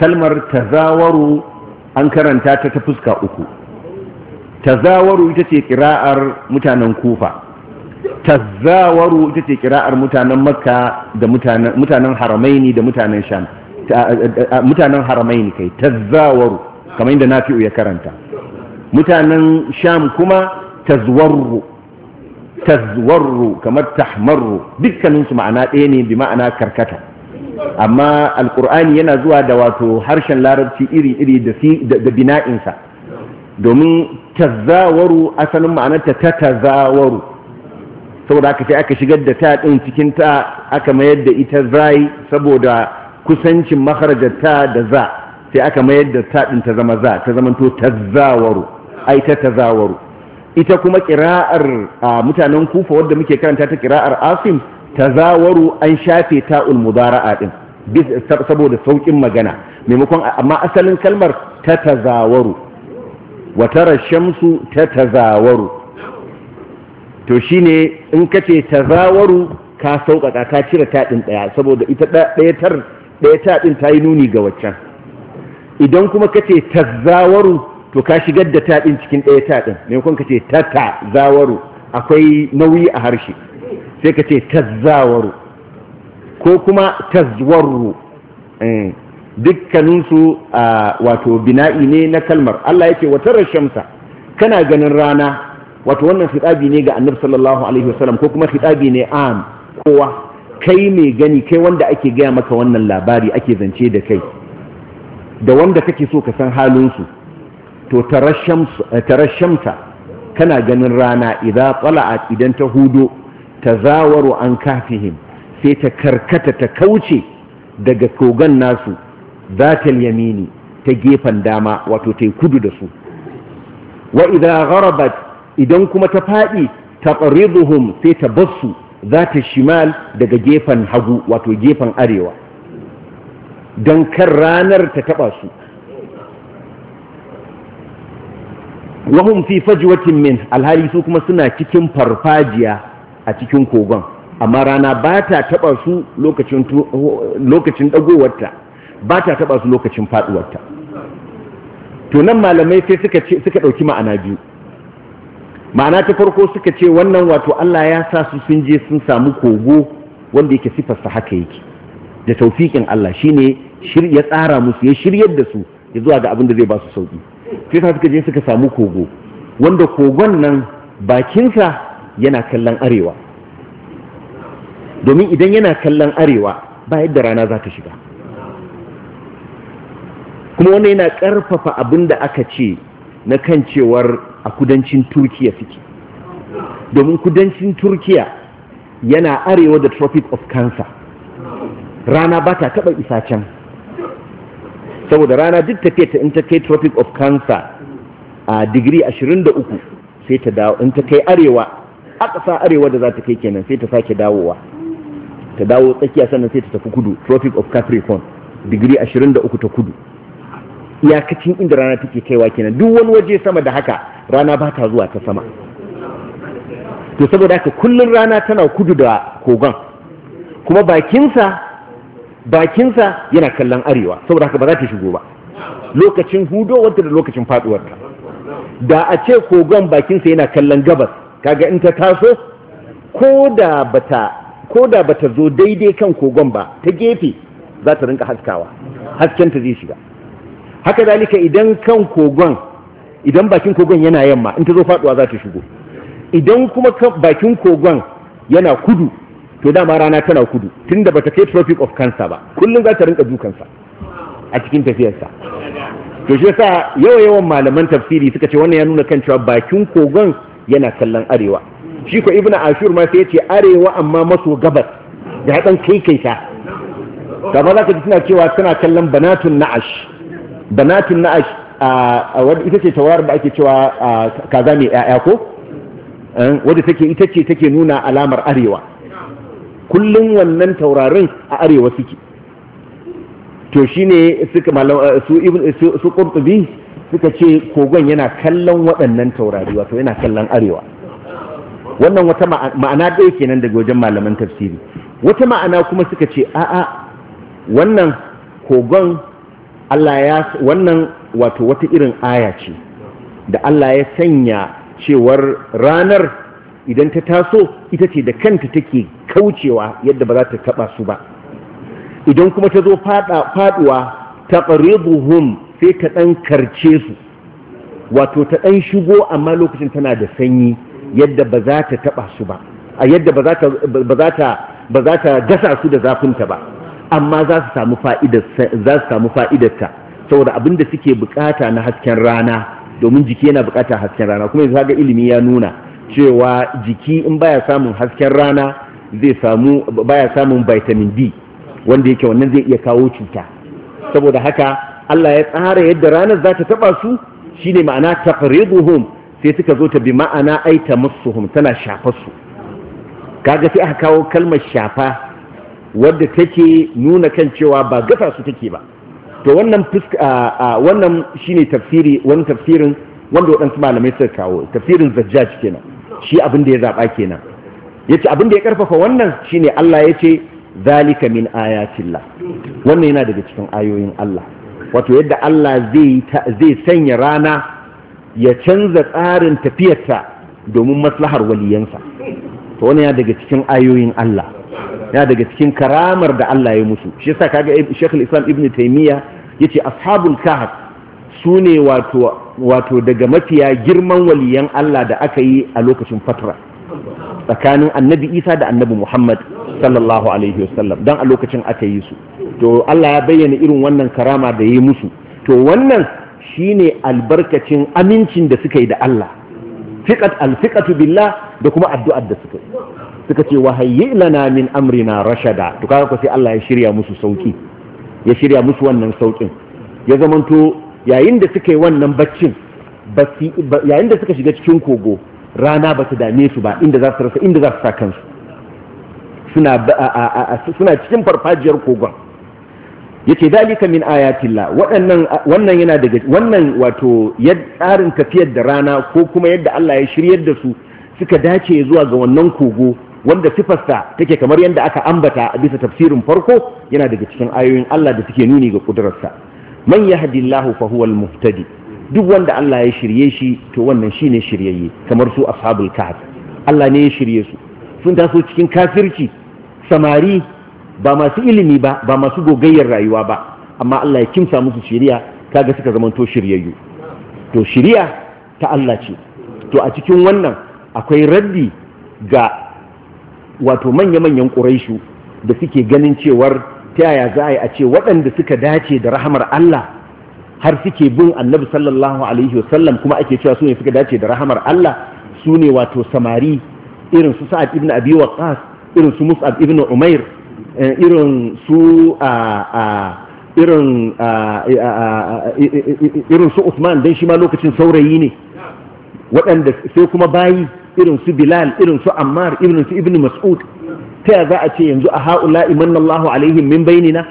كلمة تزاور an karanta ta ta fuska uku tazawaru ita ce kira'ar mutanen kufa tazawaru ita ce kira'ar mutanen makka da mutanen haramaini da mutanen sham mutanen haramaini kai tazawaru kamar yadda nafi'u ya karanta mutanen sham kuma tazwarru tazwarru kamar tahmarru dukkaninsu ma'ana ɗaya ne bi ma'ana karkata amma alkur'ani yana zuwa da wato harshen larabci iri-iri da bina'insa domin tazawaru asalin ma'anarta ta tazawaru saboda aka ce aka shigar da ta ɗin cikin ta aka mayar da ita zai saboda kusancin makarajar ta da za sai aka mayar da ta ɗin ta zama za ta zama to zawaru. ai ta tazawaru ita kuma a mutanen kufa wadda muke karanta ta kira'ar asim zawaru an shafe ta'ul a ɗin saboda sauƙin magana maimakon amma asalin kalmar ta tazawaru wa tara shamsu ta tazawaru to shi ne in ka kace tazawaru ka sauƙaƙa ka cire taɗin ɗaya saboda ita ɗaya tar ɗaya taɗin ta yi nuni ga waccan idan kuma ka kace tazawaru to ka shigar da taɗin cikin ɗaya taɗin maimakon kace ta zawaru akwai nauyi a harshe sai ka kace tazawaru ko kuma tazwaru eh, dukkaninsu wato bina'i ne na kalmar Allah ya ce wata shamsa kana ganin rana wato wannan khitabi ne ga annabi sallallahu alaihi wasallam ko kuma khitabi ne am kowa kai mai gani kai wanda ake gaya maka wannan labari ake zance da kai da wanda kake so ka san halinsu to eh, tarashamta kana ganin rana idan tsala'at idan ta hudo ta zawaro an kafihim sai ta karkata ta kauce daga kogon nasu zatal yamini ta gefen dama wato ta kudu da su wa idan gharabat idan kuma ta faɗi ta taqriduhum sai ta basu, za ta shimal daga gefen hagu wato gefen arewa don kan ranar ta taɓa su wahum fi fajiwacin min alhali su kuma suna cikin farfajiya a cikin kogon amma rana ba ta taɓa su lokacin ɗagowarta ba ta taɓa su lokacin faɗuwarta. to nan malamai sai suka ɗauki ma'ana biyu ma'ana ta farko suka ce wannan wato Allah ya sa su sun je sun samu kogo wanda yake sa haka yake da taufikin Allah shine ya tsara musu ya shiryar da su ya zuwa ga abin da zai ba su sauki sai sa suka je suka samu kogo wanda kogon nan bakinsa yana kallon arewa domin idan yana kallon arewa ba yadda rana za ta shiga kuma wannan yana ƙarfafa abin da aka ce na kan cewar a kudancin turkiya suke domin kudancin turkiya yana arewa da tropic of cancer rana ba ta taɓa isa can saboda rana duk tafiya ta in ta kai tropic of cancer a digiri 23 sai ta dawo in ta kai arewa akasa arewa da za ta kai kenan sai ta sake dawowa ta dawo tsakiya sannan sai ta tafi kudu tropic of capricorn digiri 23 ta kudu iyakacin inda rana take kaiwa kenan duk wani waje sama da haka rana ba ta zuwa ta sama to saboda haka kullun rana tana kudu da kogon kuma bakinsa bakinsa yana kallon arewa saboda haka ba za ta shigo ba lokacin hudowarta da lokacin faduwarta da a ce kogon bakinsa yana kallon gabas kaga in ta taso ko da bata zo daidai kan kogon ba ta gefe za ta rinka haskawa ta zai shiga haka zalika idan kan kogon idan bakin kogon yana yamma in ta zo faduwa za ta shigo idan kuma bakin kogon yana kudu to dama rana tana kudu tunda bata kai tropic of cancer ba kullum za ta rinka dukansa a cikin tafiyarsa to shi yasa yawa-yawan malaman tafsiri suka ce wannan ya nuna kan cewa bakin kogon yana kallon arewa shi ko ibnu ashur ma sai ya ce arewa amma maso gabas da hadan kai kai ta da za ka ji suna cewa suna kallon banatun na'ash banatin na'ash ita ce tawar da ake cewa kaza mai ya'ya ko eh, wadda take ita ce take nuna alamar arewa kullum wannan taurarin a arewa suke to shine suka malam eh, su ibn su qurtubi suka ce kogon yana kallon waɗannan taurari wato yana kallon arewa wannan wata ma'ana ɗaya kenan daga wajen malaman tafsiri wata ma'ana kuma suka ce a'a wannan kogon Allah ya wannan wato wata irin aya ce da Allah ya sanya cewar ranar idan ta taso ita ce da kanta take kaucewa yadda ba za ta taba su ba idan kuma ta zo faduwa ta ƙaribuhum sai ta ɗan karce su wato ta ɗan shigo amma lokacin tana da sanyi yadda ba za ta taba su ba a yadda ba za ta gasa su da zafinta ba amma za su samu fa'idarta saboda abin da suke bukata na hasken rana domin jiki yana bukata hasken rana kuma yanzu ga ilimi ya nuna cewa jiki in baya samun hasken rana zai samu baya samun vitamin D wanda yake wannan zai iya kawo cuta saboda haka Allah ya tsara yadda ranar za ta taba su shine ma'ana taqriduhum sai suka zo ta bi ma'ana aita musuhum tana shafa su kaga sai aka kawo kalmar shafa wadda take nuna kan cewa ba gafa su take ba to wannan wannan shine tafsiri wani tafsirin wanda wadansu malamai suka kawo tafsirin zajjaj kenan shi abin da ya zaɓa kenan yace abin da ya karfafa wannan shine Allah yace zalika min ayatillah wannan yana daga cikin ayoyin Allah wato yadda Allah zai zai sanya rana ya canza tsarin tafiyarta domin maslahar waliyansa to wannan yana daga cikin ayoyin Allah ya daga cikin karamar da Allah ya musu shi yasa kaga Sheikh Islam Ibn Taymiyyah yace ashabul kahf sune wato wato daga mafiya girman waliyan Allah da aka yi a lokacin fatra tsakanin annabi Isa da annabi Muhammad sallallahu alaihi wasallam dan a lokacin aka yi su to Allah ya bayyana irin wannan karama da ya yi musu to wannan shine albarkacin amincin da suka yi da Allah fiqat alfiqatu billah da kuma addu'ar da suka yi suka ce wahayyi lana min amrina rashada to kaga ko sai Allah ya shirya musu sauki ya shirya musu wannan saukin ya zamanto yayin da suka yi wannan baccin yayin da suka shiga cikin kogo rana ba ta dame su ba inda za su rasa inda za su sa kansu suna cikin farfajiyar kogon yace dalika min ayatillah wadannan wannan yana daga wannan wato tsarin tafiyar da rana ko kuma yadda Allah ya shiryar da su suka dace zuwa ga wannan kogo wanda sifarsa take kamar yadda aka ambata a bisa tafsirin farko yana daga cikin ayoyin Allah da suke nuni ga kudurarsa man yahdillahu fa huwal muhtadi duk wanda Allah ya shirye shi to wannan shine shiryayye kamar su ashabul kahf Allah ne ya shirye su sun taso cikin kafirci samari ba masu ilimi ba ba masu gogayyar rayuwa ba amma Allah ya kimsa musu shiriya kaga suka zamanto shiryayyu to shiriya ta Allah ce to a cikin wannan akwai raddi ga wato manya-manyan ƙuraishu da suke ganin cewar ta yaya za a yi a ce waɗanda suka dace da rahamar Allah har suke bin annabi sallallahu alaihi wasallam kuma ake cewa su ne suka dace da rahamar Allah su ne wato samari irin su sa'ad ibn abi waqas irin su mus'ab ibn umair eh, irin su irin irin su usman dan shi ma lokacin saurayi ne waɗanda sai kuma bayi irin su bilal irin su ammar irin su ibn mas'ud ta za a ce yanzu a ha'ula imanna Allahu alaihim min bainina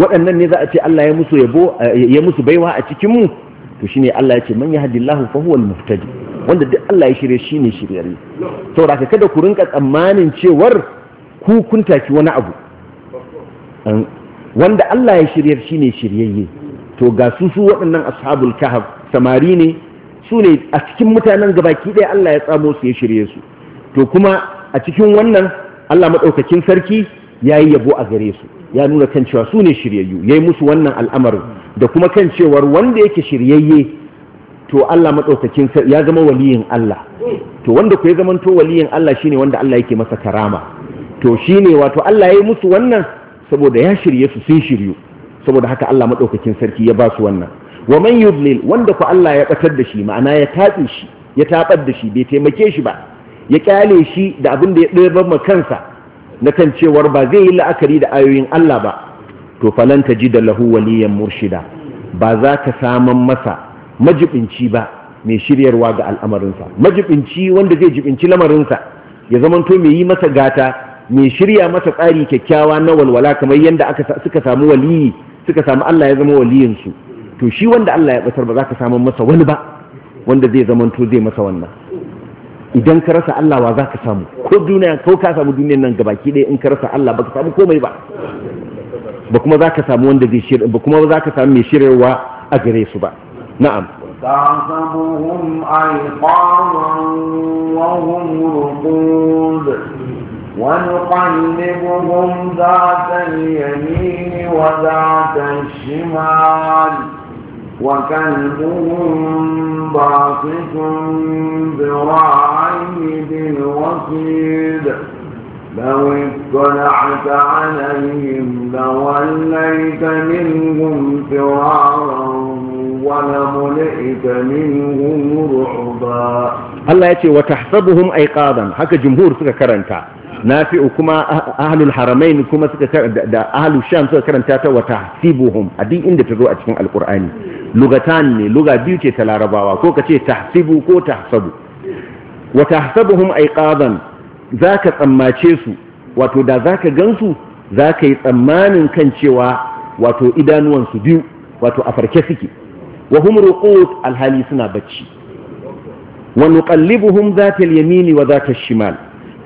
waɗannan ne za a ce Allah ya musu yabo eh, ya musu baiwa a cikin mu to shine Allah ya ce man yahdillahu fa huwal muhtadi wanda duk Allah ya shirye shine shiryayye saboda ka kada ku rinka tsammanin cewar ku kun taki wani abu wanda Allah ya shiryar shine shiryayye to ga su su waɗannan ashabul kahf samari ne su ne a cikin mutanen gabaki ɗaya Allah ya tsamo su ya shirye su to kuma a cikin wannan Allah maɗaukakin sarki ya yi yabo a gare su ya nuna kan cewa su ne shiryayyu ya yi musu wannan al'amarin da kuma kan cewar wanda yake shiryayye to Allah maɗaukakin sarki ya zama waliyin Allah to wanda ku ya zamanto waliyin Allah shine wanda Allah yake masa karama to shine wato Allah ya yi musu wannan saboda ya shirye su sun shiryu saboda haka Allah maɗaukakin sarki ya ba su wannan wa man yudlil wanda ku Allah ya batar da shi ma'ana ya tatsi shi ya tabar da shi bai taimake shi ba ya kyale shi da abin da ya dirba ma kansa na kan cewar ba zai yi la'akari da ayoyin Allah ba to falan ta ji da lahu waliyan murshida ba za ka saman masa majibinci ba mai shiryarwa ga al'amarinsa majibinci wanda zai jibinci lamarinsa ya zamanto mai yi masa gata mai shirya masa tsari kyakkyawa na walwala kamar yadda suka samu waliyi suka samu Allah ya zama waliyinsu to shi wanda Allah ya batar ba za ka samu masa wani ba wanda zai zamanto zai masa wannan idan ka rasa Allah wa za ka samu ko duniya ko ka samu duniyar nan gabaki ɗaya in ka rasa Allah ba ka samu komai ba ba kuma za ka samu wanda zai shirya ba kuma za ka samu mai shiryarwa a gare su ba na'am تعصبهم أيقاظا وهم رقود ونقلبهم ذات اليمين وذات الشمال وكلبهم باسط ذراعيه بالوصيد لو اطلعت عليهم لوليت منهم فرارا ولملئت منهم رعبا الله يتي وتحسبهم ايقاظا هكا جمهور سكا كرنتا nafi'u kuma ahlul haramain kuma suka da ahlul sham suka karanta ta wa tahsibuhum a duk inda ta zo a cikin alqur'ani lugatan ne luga biyu ce ta larabawa ko ka ce tahsibu ko tahsabu wa tahsabuhum aiqadan zaka tsammace su wato da zaka gansu zaka yi tsammanin kan cewa wato idanuwan su biyu wato a farke suke wa hum ruqut alhali suna bacci wa nuqallibuhum zata al wa zata al-shimal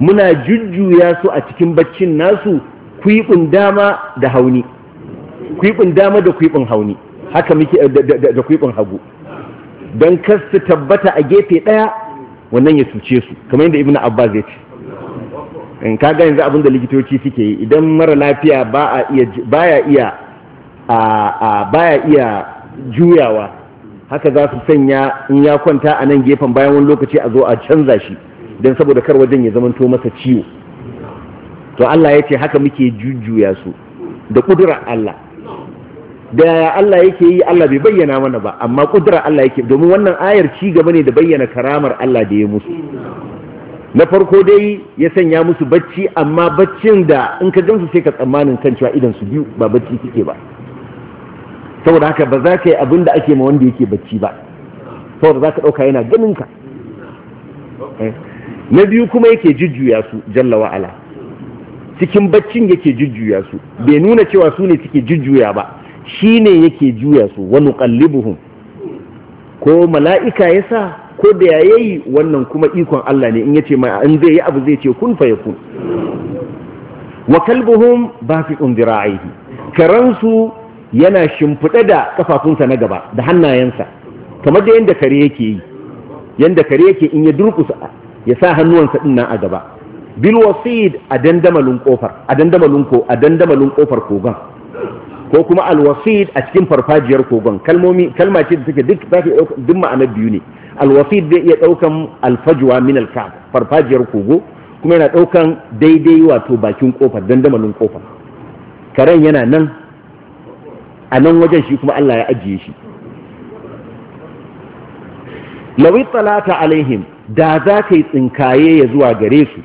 muna jujjuya su a cikin baccin nasu kwiɓin dama da hauni dama da hauni haka muke eh, da kwikon hagu don kar su tabbata a gefe ɗaya wannan ya cuce su kamar yadda ibn abbas ya ce in ka ga yanzu abin da likitoci suke yi idan mara lafiya ba a iya iya juyawa haka za su sanya in ya kwanta a nan gefen bayan wani lokaci a zo a canza shi don saboda kar wajen ya zamanto masa ciwo to Allah ya ce haka muke jujjuya su da ƙudurar Allah da Allah yake yi Allah bai bayyana mana ba amma kudura Allah yake domin wannan ayar ci gaba ne da bayyana karamar Allah da ya musu na farko dai ya sanya musu bacci amma baccin da in ka gamsu sai ka tsammanin kan cewa idan su biyu ba bacci suke ba saboda haka ba za ka yi abin da ake ma wanda yake bacci ba saboda za ka ɗauka yana ganin ka eh. na biyu kuma yake jujjuya su jalla wa'ala cikin baccin yake jujjuya su bai nuna cewa su ne suke jujjuya ba shi ne yake juya su wani ƙallibuhun ko mala'ika ya sa ko da ya yi wannan kuma ikon Allah ne in ya ce ma in zai yi abu zai ce kun fa ya kun wa kalbuhun ba fi ƙundira aihi karansu yana shimfiɗe da ƙafafunsa na gaba da hannayensa kamar da yadda kare yake yi yadda kare yake in ya durkusa ya sa hannuwansa ɗin nan a gaba bil wasid a dandamalin kofar a dandamalin a dandamalin ƙofar kogon ko kuma alwasid a cikin farfajiyar kogon kalmomi kalma ce da take duk za ta duk ma'ana biyu ne alwasid zai iya daukan alfajwa min alkaf farfajiyar kogo kuma yana daukan daidai wato bakin kofar dandamalin kofar karen yana nan a nan wajen shi kuma Allah ya ajiye shi lawi talata alaihim da za ka yi tsinkaye ya zuwa gare su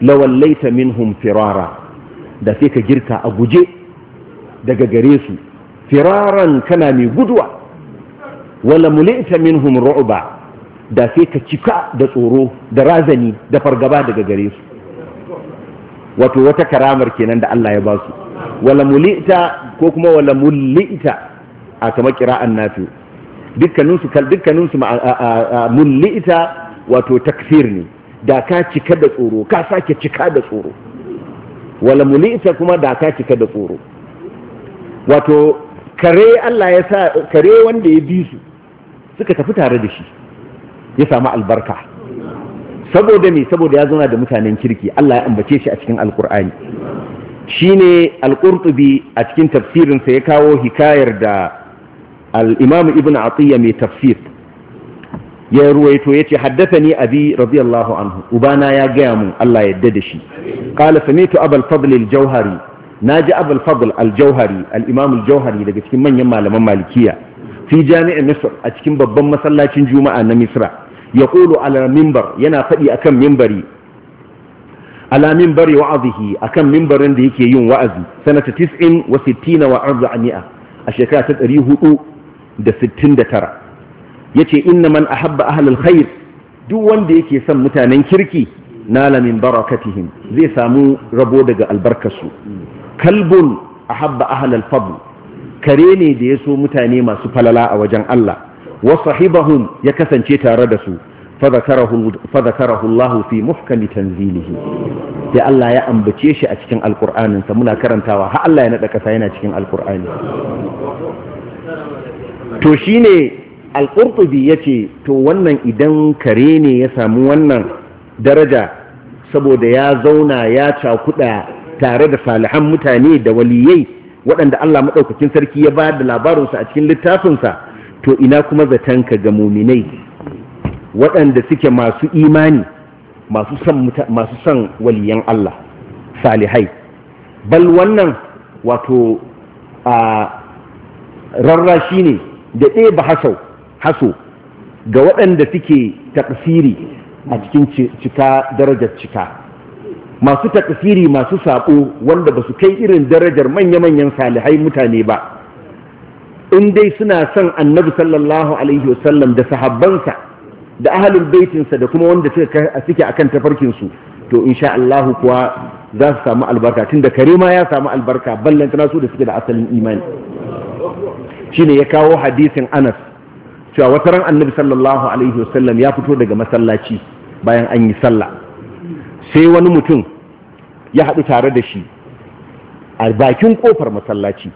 lawallaita minhum firara da sai ka girka a guje daga gare su firaran kana mai guduwa wala mulita minhum ru'ba da sai ka cika da tsoro da razani da fargaba daga gare su wato wata karamar kenan da Allah ya ba su wala mulita ko kuma wala mulita a kama kira'an nafi dukkanin su kal dukkanin su mulita wato takfir ne da ka cika da tsoro ka sake cika da tsoro wala mulita kuma da ka cika da tsoro wato kare Allah ya sa kare wanda ya bi su suka tafi tare da shi ya samu albarka saboda me saboda ya zauna da mutanen kirki Allah ya ambace shi a cikin alkur'ani ne alqurtubi a cikin tafsirinsa ya kawo hikayar da al-imam ibn atiyya mai tafsir ya ruwaito yace haddathani abi radiyallahu anhu ubana ya gaya mun Allah ya yarda da shi qala sami'tu abul fadl al-jauhari na ji abul fadl al-jauhari al-imam al-jauhari daga cikin manyan malaman malikiya fi jami'in misr a cikin babban masallacin juma'a na misra ya kulu ala mimbar yana faɗi akan mimbari ala mimbari wa'azihi akan mimbarin da yake yin wa'azi sanata 90 wa 60 wa arba'a a shekara ta 469 yace inna man ahabba ahlal khair duk wanda yake son mutanen kirki nala min barakatihim zai samu rabo daga albarkarsu kalbun ahabba ahlal fadl kare ne da ya so mutane masu falala a wajen Allah wa sahibahum ya kasance tare da su fa zakarahu Allah fi muhkami tanzilihi Ya Allah ya ambace shi a cikin alkur'anin sa muna karantawa har Allah ya nada kasa yana cikin alkur'ani to shine alqurtubi yace to wannan idan kare ne ya samu wannan daraja saboda ya zauna ya cakuda tare da salihan mutane da waliyai waɗanda Allah maɗaukacin sarki ya ba da labarinsa a cikin littafinsa to ina kuma zatanka ga muminai waɗanda suke masu imani masu son waliyan Allah salihai bal wannan wato a rarrashi ne da ɗaya ba haso ga waɗanda suke taƙasiri a cikin cika darajar cika masu takfiri masu saƙo, wanda ba su kai irin darajar manya-manyan salihai mutane ba in dai suna son annabi sallallahu alaihi wasallam da sahabbansa da ahalin baitinsa da kuma wanda suke akan tafarkinsu to insha Allah kuwa za su samu albarka tunda kare ma ya samu albarka ballantana su da suke da asalin imani ne ya kawo hadisin Anas cewa wataran annabi sallallahu alaihi wasallam ya fito daga masallaci bayan an yi sallah sai wani mutum ya haɗu tare da shi a bakin ƙofar masallaci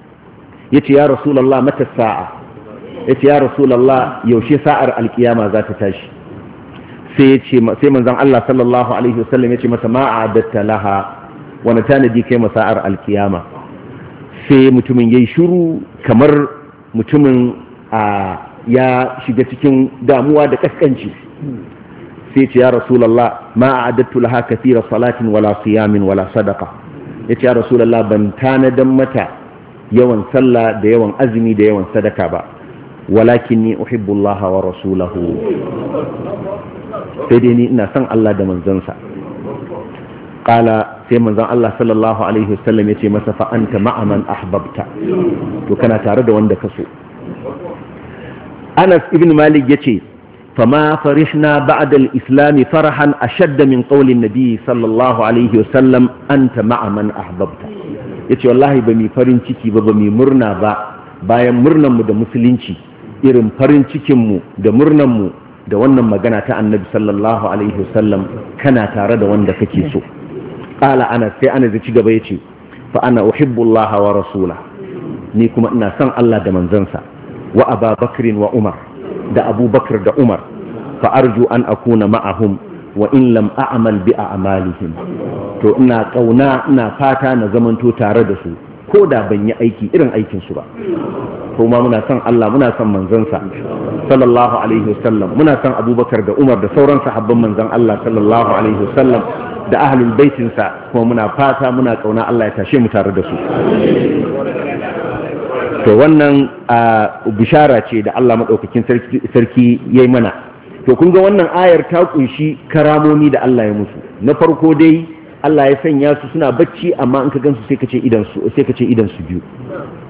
ya ce ya rasulallah mata sa'a ya ce ya rasulallah yaushe sa'ar alkiyama za ta tashi sai manzan Allah sallallahu alaihi wasallam ya ce masa ma'adatta laha wani tanadi kai masa'ar alkiyama sai mutumin ya yi shuru kamar mutumin ya shiga cikin damuwa da kaskanci sai ce ya rasulullah ma a'adattu laha kathira salatin wala siyamin wala sadaqa yace ya rasulullah ban tanadan mata yawan sallah da yawan azumi da yawan sadaka ba ni uhibbu Allah wa rasulahu sai dai ni ina son Allah da manzansa qala sai manzon Allah sallallahu alaihi wasallam yace masa fa anta ma'a man ahbabta to kana tare da wanda ka so Anas ibn Malik yace فما فرحنا بعد الإسلام فرحا أشد من قول النبي صلى الله عليه وسلم أنت مع من أحببت يتي والله بمي فرن تيكي بمي مرنا با بايا مرنا مو دا مسلينشي إرم فرن تيكي مو دا مرنا مو da wannan magana ta annabi sallallahu alaihi wasallam kana tare da wanda kake so qala ana sai ana zai ci gaba yace fa ana uhibbu Allah wa rasula ni kuma ina son Allah da manzansa wa Aba Bakrin wa Umar da abubakar da umar fa arju an akuna ma'ahum wa in lam a'mal bi a'malihim to ina kauna ina fata na zamanto tare da su ko da ban yi aiki irin aikin su ba to ma muna son Allah muna son manzansa sallallahu alaihi wasallam muna son abubakar da umar da sauran sahabban manzan Allah sallallahu alaihi wasallam da ahlul baitinsa kuma muna fata muna kauna Allah ya tashe mu tare da su to wannan bishara ce da Allah maɗaukakin sarki ya yi mana to kun ga wannan ayar ta kunshi karamomi da Allah ya musu na farko dai Allah ya sanya su suna bacci amma in ka gansu sai ka ce idan su sai ka ce idan su biyu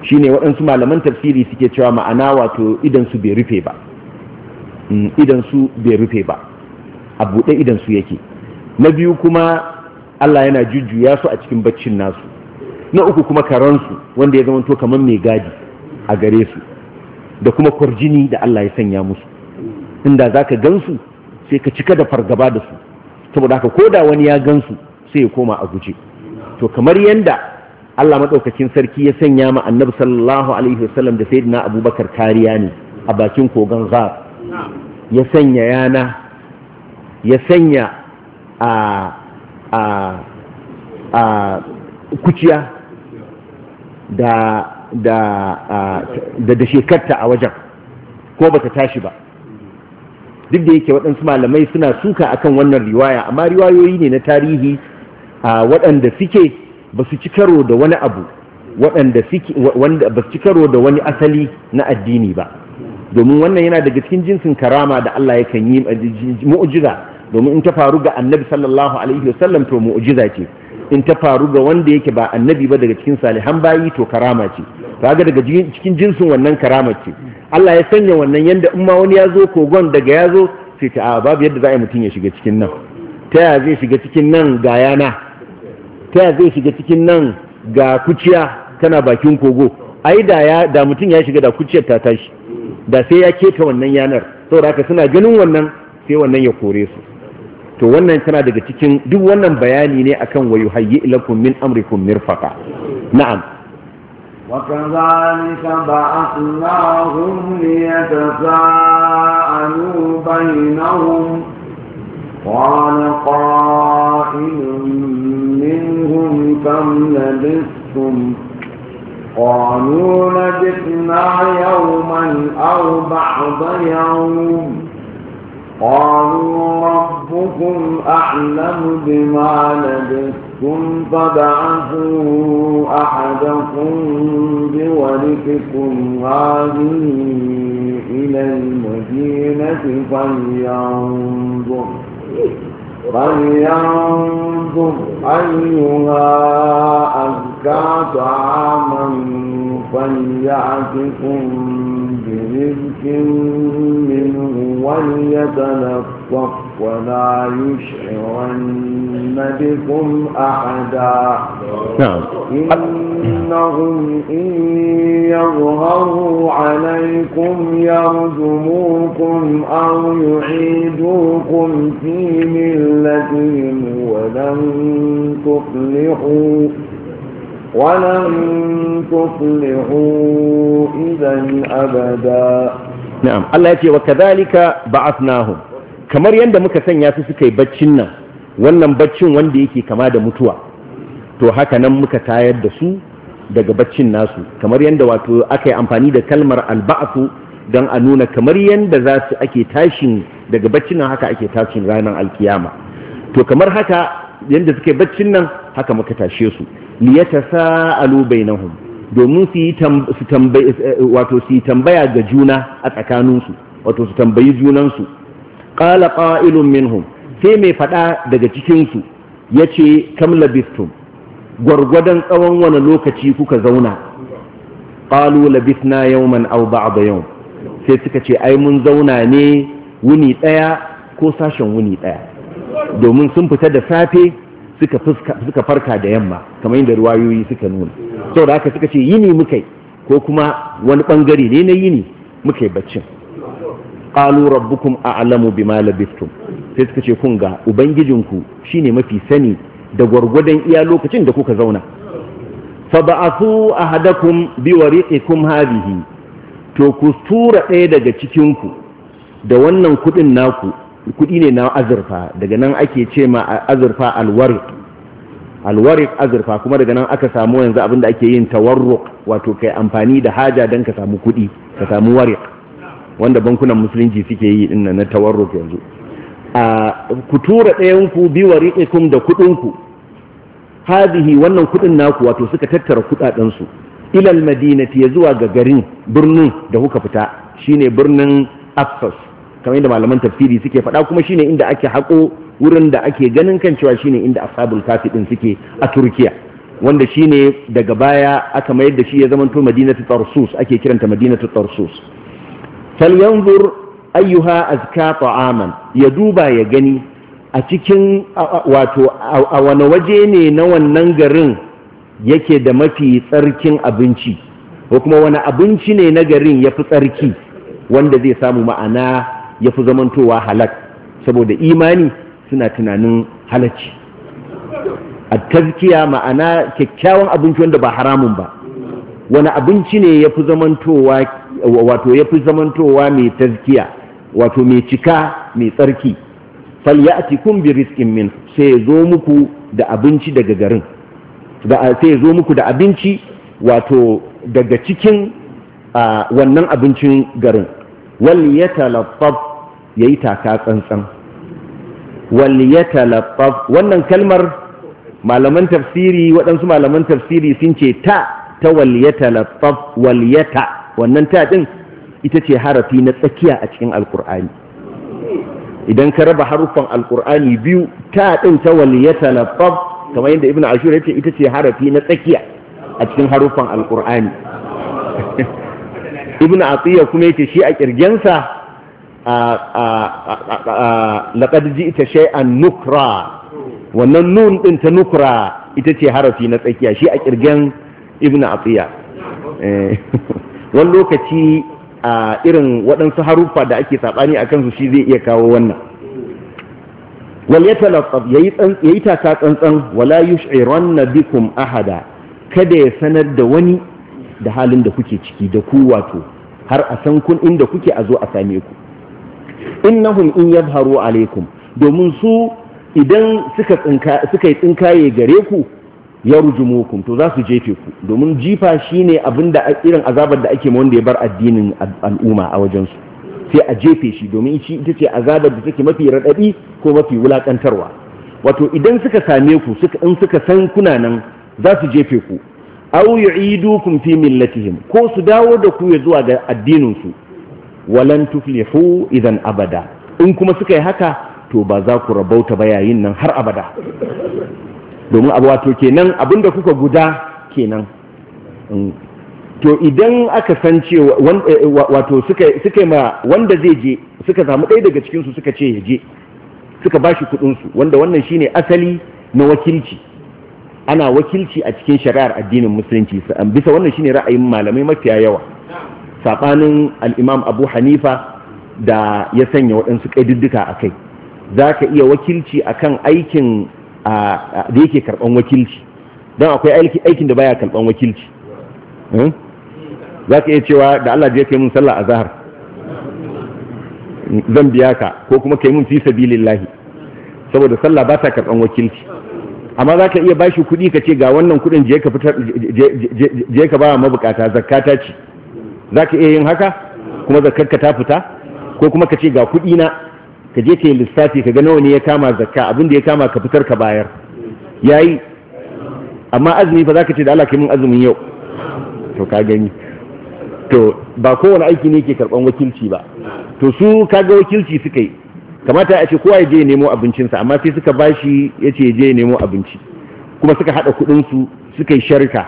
shine waɗansu malaman tafsiri suke cewa ma'ana wato idan su bai rufe ba mm, idan su bai rufe ba a buɗe idan su yake na biyu kuma Allah yana jujjuya su a cikin baccin nasu na uku kuma karansu wanda ya zama to kamar mai gadi a gare su da kuma kwarjini da Allah ya sanya musu inda za ka gansu sai ka cika da fargaba da su saboda haka ko da wani ya gansu sai ya koma a guje to kamar yanda Allah maɗaukacin sarki ya sanya ma annabi sallallahu alaihi wasallam da sayyidina abubakar kariya ne a bakin kogon za ya sanya yana ya sanya a a a kuciya da da shekarta a wajen ko ba ta tashi ba duk da yake waɗansu malamai suna suka akan wannan riwaya amma riwayoyi ne na tarihi a waɗanda suke ba su ci karo da wani abu waɗanda suke wanda ba su ci karo da wani asali na addini ba domin wannan yana daga cikin jinsin karama da Allah ya kan yi mu'jiza domin in ta faru ga annabi sallallahu alaihi wasallam to mu'jiza ce in ta faru ga wanda yake ba annabi ba daga cikin salihan bayi to karama ce kaga daga cikin jinsin wannan karama ce Allah ya sanya wannan yanda in ma wani ya zo kogon daga ya zo sai ta a babu yadda za a yi mutum ya shiga cikin nan ta ya zai shiga cikin nan ga yana ta ya zai shiga cikin nan ga kuciya tana bakin kogo ai da ya da mutum ya shiga da kuciyar ta tashi da sai ya keta wannan yanar saboda haka suna ganin wannan sai wannan ya kore su to wannan tana daga cikin duk wannan bayani ne akan wayu hayyi lakum min amrikum mirfaqa na'am وكذلك بعثناهم ليتساءلوا بينهم قال قائل منهم كم لبثتم قالوا لبثنا يوما أو بعض يوم قالوا ربكم أعلم بما لبثتم فبعثوا أحدكم بولدكم هذه إلى المدينة فلينظر فلينظر أيها أزكى طعاما فليأتكم برزق منه وليتلطف ولا يشعرن بكم أحدا نعم إنهم إن يظهروا عليكم يرجموكم أو يعيدوكم في ملتهم ولن تفلحوا ولن تفلحوا إذا أبدا نعم الله يتي وكذلك بعثناهم kamar yadda muka sanya su suka yi baccin nan wannan baccin wanda yake kama da mutuwa to haka nan muka tayar da su daga baccin nasu kamar yadda wato aka yi amfani da kalmar alba'atu don a nuna kamar yadda za su ake tashin daga baccin nan haka ake tashin ranar alkiyama to kamar haka yadda suka yi baccin nan haka muka tashe su liyatasaalu bainahum domin su yi tambaya wato su tambaya ga juna a tsakaninsu wato su tambayi junan su qala qa'ilun minhum sai mai fada daga cikin su yace kam labistum gwargwadon tsawon wani lokaci kuka zauna qalu labithna yawman aw ba'd yawm sai suka ce ai mun zauna ne wuni daya ko sashen wuni daya domin sun fita da safe suka farka da yamma kamar yadda ruwayoyi suka nuna saboda haka suka ce yini muka yi ko kuma wani bangare ne na yini muka yi baccin qalu rabbukum a'lamu bima labistum sai suka ce kun ga ubangijinku shine mafi sani da gwargwadon iya lokacin da kuka zauna fa ba'athu ahadakum bi wariqikum hadhihi to ku tura ɗaya daga ku da wannan kuɗin naku kuɗi ne na azurfa daga nan ake ce ma azurfa alwarik alwarik azurfa kuma daga nan aka samu yanzu abinda ake yin tawarruk wato kai amfani da haja don ka samu kuɗi ka samu warik wanda bankunan musulunci suke yi din na tawarruk yanzu a ku tura ɗayanku bi wariqikum da kuɗinku hadihi wannan kuɗin naku wato suka tattara kuɗaɗensu ilal madinati ya zuwa ga garin birnin da kuka fita shine birnin Afsos kamar yadda malaman tafsiri suke faɗa kuma shine inda ake haƙo wurin da ake ganin kan cewa shine inda ashabul kafi din suke a turkiya wanda shine daga baya aka mayar da shi ya zamanto madinatu tarsus ake kiranta madinatu tarsus yanzur ayyuha azka ta'aman ya duba ya gani a cikin wato a wani waje ne na wannan garin yake da mafi tsarkin abinci ko kuma wani abinci ne na garin ya fi tsarki wanda zai samu ma'ana ya fi zamantowa halak saboda imani suna tunanin halacci a tazkiya ma'ana kyakkyawan abinci wanda ba haramun ba wani abinci ne ya fi zamantowa wato ya fi zamantowa mai tazkiya wato mai cika mai tsarki falyatikum bi riskin min sai zo muku da abinci daga garin sai zo muku da abinci wato daga cikin wannan abincin garin wal yatalaffaf yayi taka tsantsan wal yatalaffaf wannan kalmar malaman tafsiri waɗansu malaman tafsiri sun ce ta ta waliyata lafaf, waliyata. wannan ta ɗin ita ce harafi na tsakiya a cikin alkur'ani idan ka raba haruffan alkur'ani biyu ta ɗin ta waliyata lafaf kamar yadda ibn ashur ya ce ita ce harafi na tsakiya a cikin haruffan alkur'ani ibn atiya kuma ya shi a kirgensa laƙad ji ita shay'an nukra wannan nun ɗin ta nukra ita ce harafi na tsakiya shi a ƙirgen ibn Afiya. Eh, wani lokaci a irin waɗansu haruffa da ake saɓani a kansu shi zai iya kawo wannan wal ya yi taka tsantsan wala yush'iranna bikum ahada kada ya sanar da wani da halin da kuke ciki da ku wato har a san kun inda kuke a zo a same ku innahum in yadharu alaikum domin su idan suka tsinka suka tsinkaye gare ku ya rujumukum to za su jefe ku domin jifa shine abinda irin azabar da ake ma wanda ya bar addinin al'umma a wajen su sai a jefe shi domin shi ita ce azabar da take mafi radadi ko mafi wulakantarwa wato idan suka same ku in suka san kuna nan za su jefe ku aw yu'idukum fi millatihim ko su dawo da ku zuwa ga addinin su walan tuflihu idan abada in kuma suka yi haka to ba za ku rabauta ba yayin nan har abada domin abu wato kenan abinda kuka guda kenan mm. to idan aka san cewa eh, wato suka ma wanda zai je suka samu ɗaya daga cikinsu suka ce ya je suka ba shi kuɗinsu wanda wannan shine asali na wakilci ana wakilci a cikin shari'ar addinin musulunci bisa wannan shine ra'ayin malamai mafiya yawa saɓanin al'imam abu hanifa da ya sanya waɗansu ƙaiduddika a kai za ka iya wakilci a kan aikin da yake karɓan wakilci don akwai aikin da baya karɓan wakilci eh? za ka iya cewa da allah ya kai mun sallah a zahar zan biya ka ko kuma kai mun fi sabilillahi saboda sallah ba ta karɓan wakilci amma za ka iya bashi kuɗi ka ce ga wannan kuɗin je ka fitar je ka ba mabukata zakata ce za ka iya yin haka kuma zakarka ta fita ko kuma ka ce ga kuɗi na ka je ka yi lissafi ka ga nawa ne ya kama zakka abin da ya kama ka fitar ka bayar yayi amma azumi fa za ka ce da Allah ka yi min azumin yau to ka gani to ba kowane aiki ne ke karban wakilci ba to su kaga wakilci suka yi kamata a ce kowa ya je nemo abincinsa amma sai suka bashi ya ce je nemo abinci kuma suka haɗa kuɗinsu suka yi sharika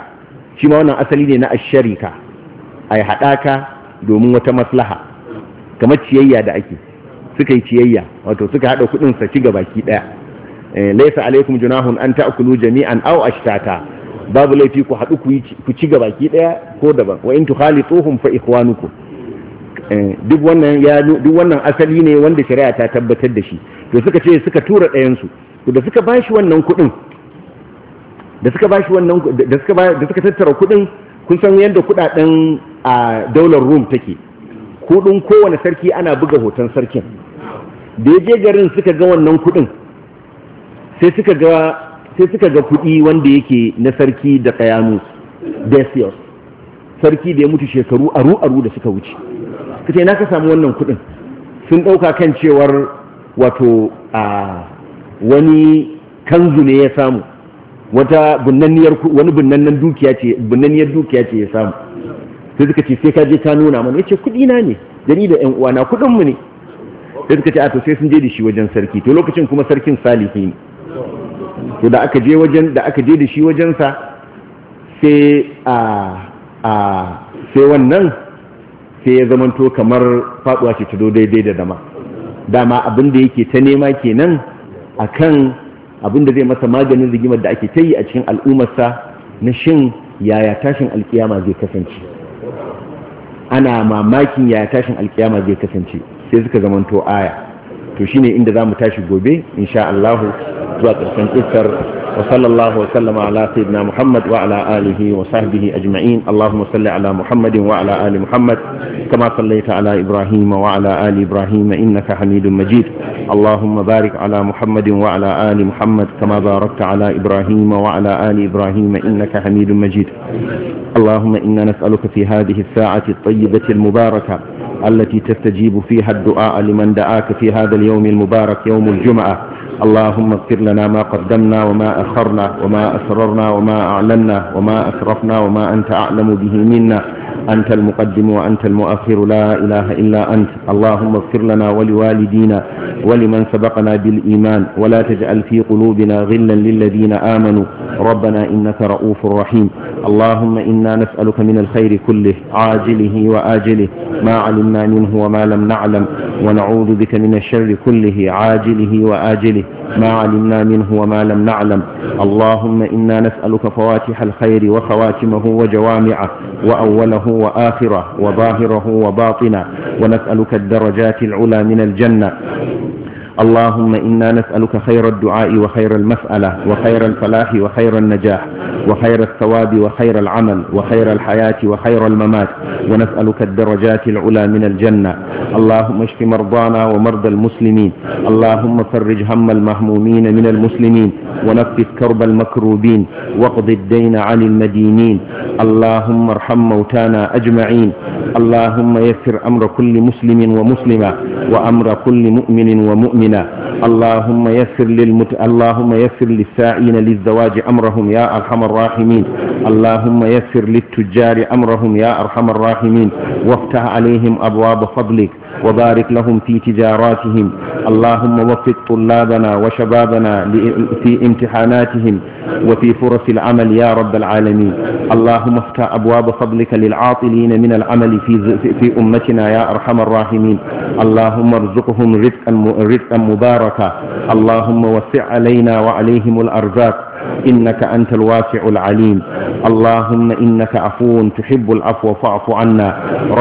shi ma wannan asali ne na asharika a yi haɗaka domin wata maslaha kamar ciyayya da ake suka yi ciyayya wato suka haɗa kuɗin saki ga baki ɗaya eh, laisa alaikum junahun an ta'kulu jami'an aw ashtata babu laifi ku haɗu ku ci ga baki ɗaya ko daban wa in tukhalituhum fa ikhwanukum eh, duk wannan ya duk wannan asali ne wanda shari'a ta tabbatar da shi to suka ce suka tura ɗayan su da suka bashi wannan kuɗin da suka bashi wannan da suka da suka tattara kuɗin kun san yadda kudaden a daular rum take kudin kowane sarki ana buga hoton sarkin da ya je garin suka ga wannan kudin sai suka ga kudi wanda yake na sarki da kayanus desios sarki da ya mutu shekaru aru aru da suka wuce ce na ka samu wannan kudin sun dauka kan cewar wato a wani kanzu ne ya samu wata bunnanniyar wani bunnannen dukiya ce bunnanniyar dukiya ce ya samu sai suka ce sai ka je ka nuna mana yace kudi na ne da da ƴan uwana kudin mu ne sai suka ce a to sai sun je da shi wajen sarki to lokacin kuma sarkin salihi ne to da aka je wajen da aka je da shi wajen sa sai a a sai wannan sai ya zamanto kamar faduwa ce ta daidai da dama dama abin da yake ta nema kenan akan Abin da zai masa maganin rigimar da ake ta yi a cikin al'ummarsa na shin yaya tashin alkiyama zai kasance ana mamakin yaya tashin alkiyama zai kasance sai suka zamanto aya to shine inda zamu tashi gobe insha Allah zuwa karshen kissar wa sallallahu wa sallama ala sayyidina Muhammad wa ala alihi wa sahbihi ajma'in Allahumma salli ala Muhammadin wa ala ali Muhammad kama sallaita ala Ibrahim wa ala ali Ibrahim innaka Hamidum Majid Allahumma barik ala Muhammadin wa ala ali Muhammad kama barakta ala Ibrahim wa ala ali Ibrahim innaka Hamidum Majid اللهم إنا نسألك في هذه الساعة الطيبة المباركة التي تستجيب فيها الدعاء لمن دعاك في هذا اليوم المبارك يوم الجمعة اللهم اغفر لنا ما قدمنا وما أخرنا وما أسررنا وما أعلنا وما أسرفنا وما أنت أعلم به منا أنت المقدم وأنت المؤخر لا إله إلا أنت اللهم اغفر لنا ولوالدينا ولمن سبقنا بالإيمان ولا تجعل في قلوبنا غلا للذين آمنوا ربنا إنك رؤوف رحيم اللهم إنا نسألك من الخير كله عاجله وآجله ما علمنا منه وما لم نعلم ونعوذ بك من الشر كله عاجله وآجله ما علمنا منه وما لم نعلم اللهم إنا نسألك فواتح الخير وخواتمه وجوامعه وأوله وآخره وظاهره وباطنه ونسألك الدرجات العلى من الجنة اللهم إنا نسألك خير الدعاء وخير المسألة وخير الفلاح وخير النجاح وخير الثواب وخير العمل وخير الحياة وخير الممات ونسألك الدرجات العلى من الجنة اللهم اشف مرضانا ومرضى المسلمين اللهم فرج هم المهمومين من المسلمين ونفس كرب المكروبين واقض الدين عن المدينين اللهم ارحم موتانا أجمعين اللهم يسر أمر كل مسلم ومسلمة وأمر كل مؤمن ومؤمنة أمرنا اللهم يسر للمت... اللهم يسر للساعين للزواج أمرهم يا أرحم الراحمين اللهم يسر للتجار أمرهم يا أرحم الراحمين وافتح عليهم أبواب فضلك وبارك لهم في تجاراتهم اللهم وفق طلابنا وشبابنا في امتحاناتهم وفي فرص العمل يا رب العالمين اللهم افتح أبواب فضلك للعاطلين من العمل في, في أمتنا يا أرحم الراحمين اللهم ارزقهم رزقا رزقا مباركا اللهم وسع علينا وعليهم الأرزاق إنك أنت الواسع العليم اللهم إنك عفو تحب العفو فاعف عنا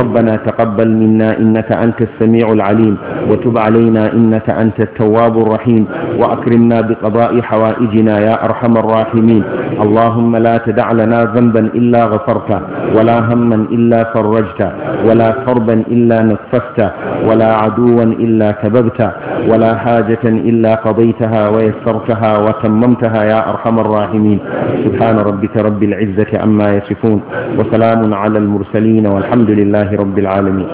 ربنا تقبل منا إنك أنت السميع العليم وتب علينا إنك أنت التواب الرحيم وأكرمنا بقضاء حوائجنا يا أرحم الراحمين الراحمين اللهم لا تدع لنا ذنبا إلا غفرته ولا هما إلا فرجته ولا كربا إلا نفسته ولا عدوا إلا كببته ولا حاجة إلا قضيتها ويسرتها وتممتها يا أرحم الراحمين سبحان ربك رب العزة عما يصفون وسلام على المرسلين والحمد لله رب العالمين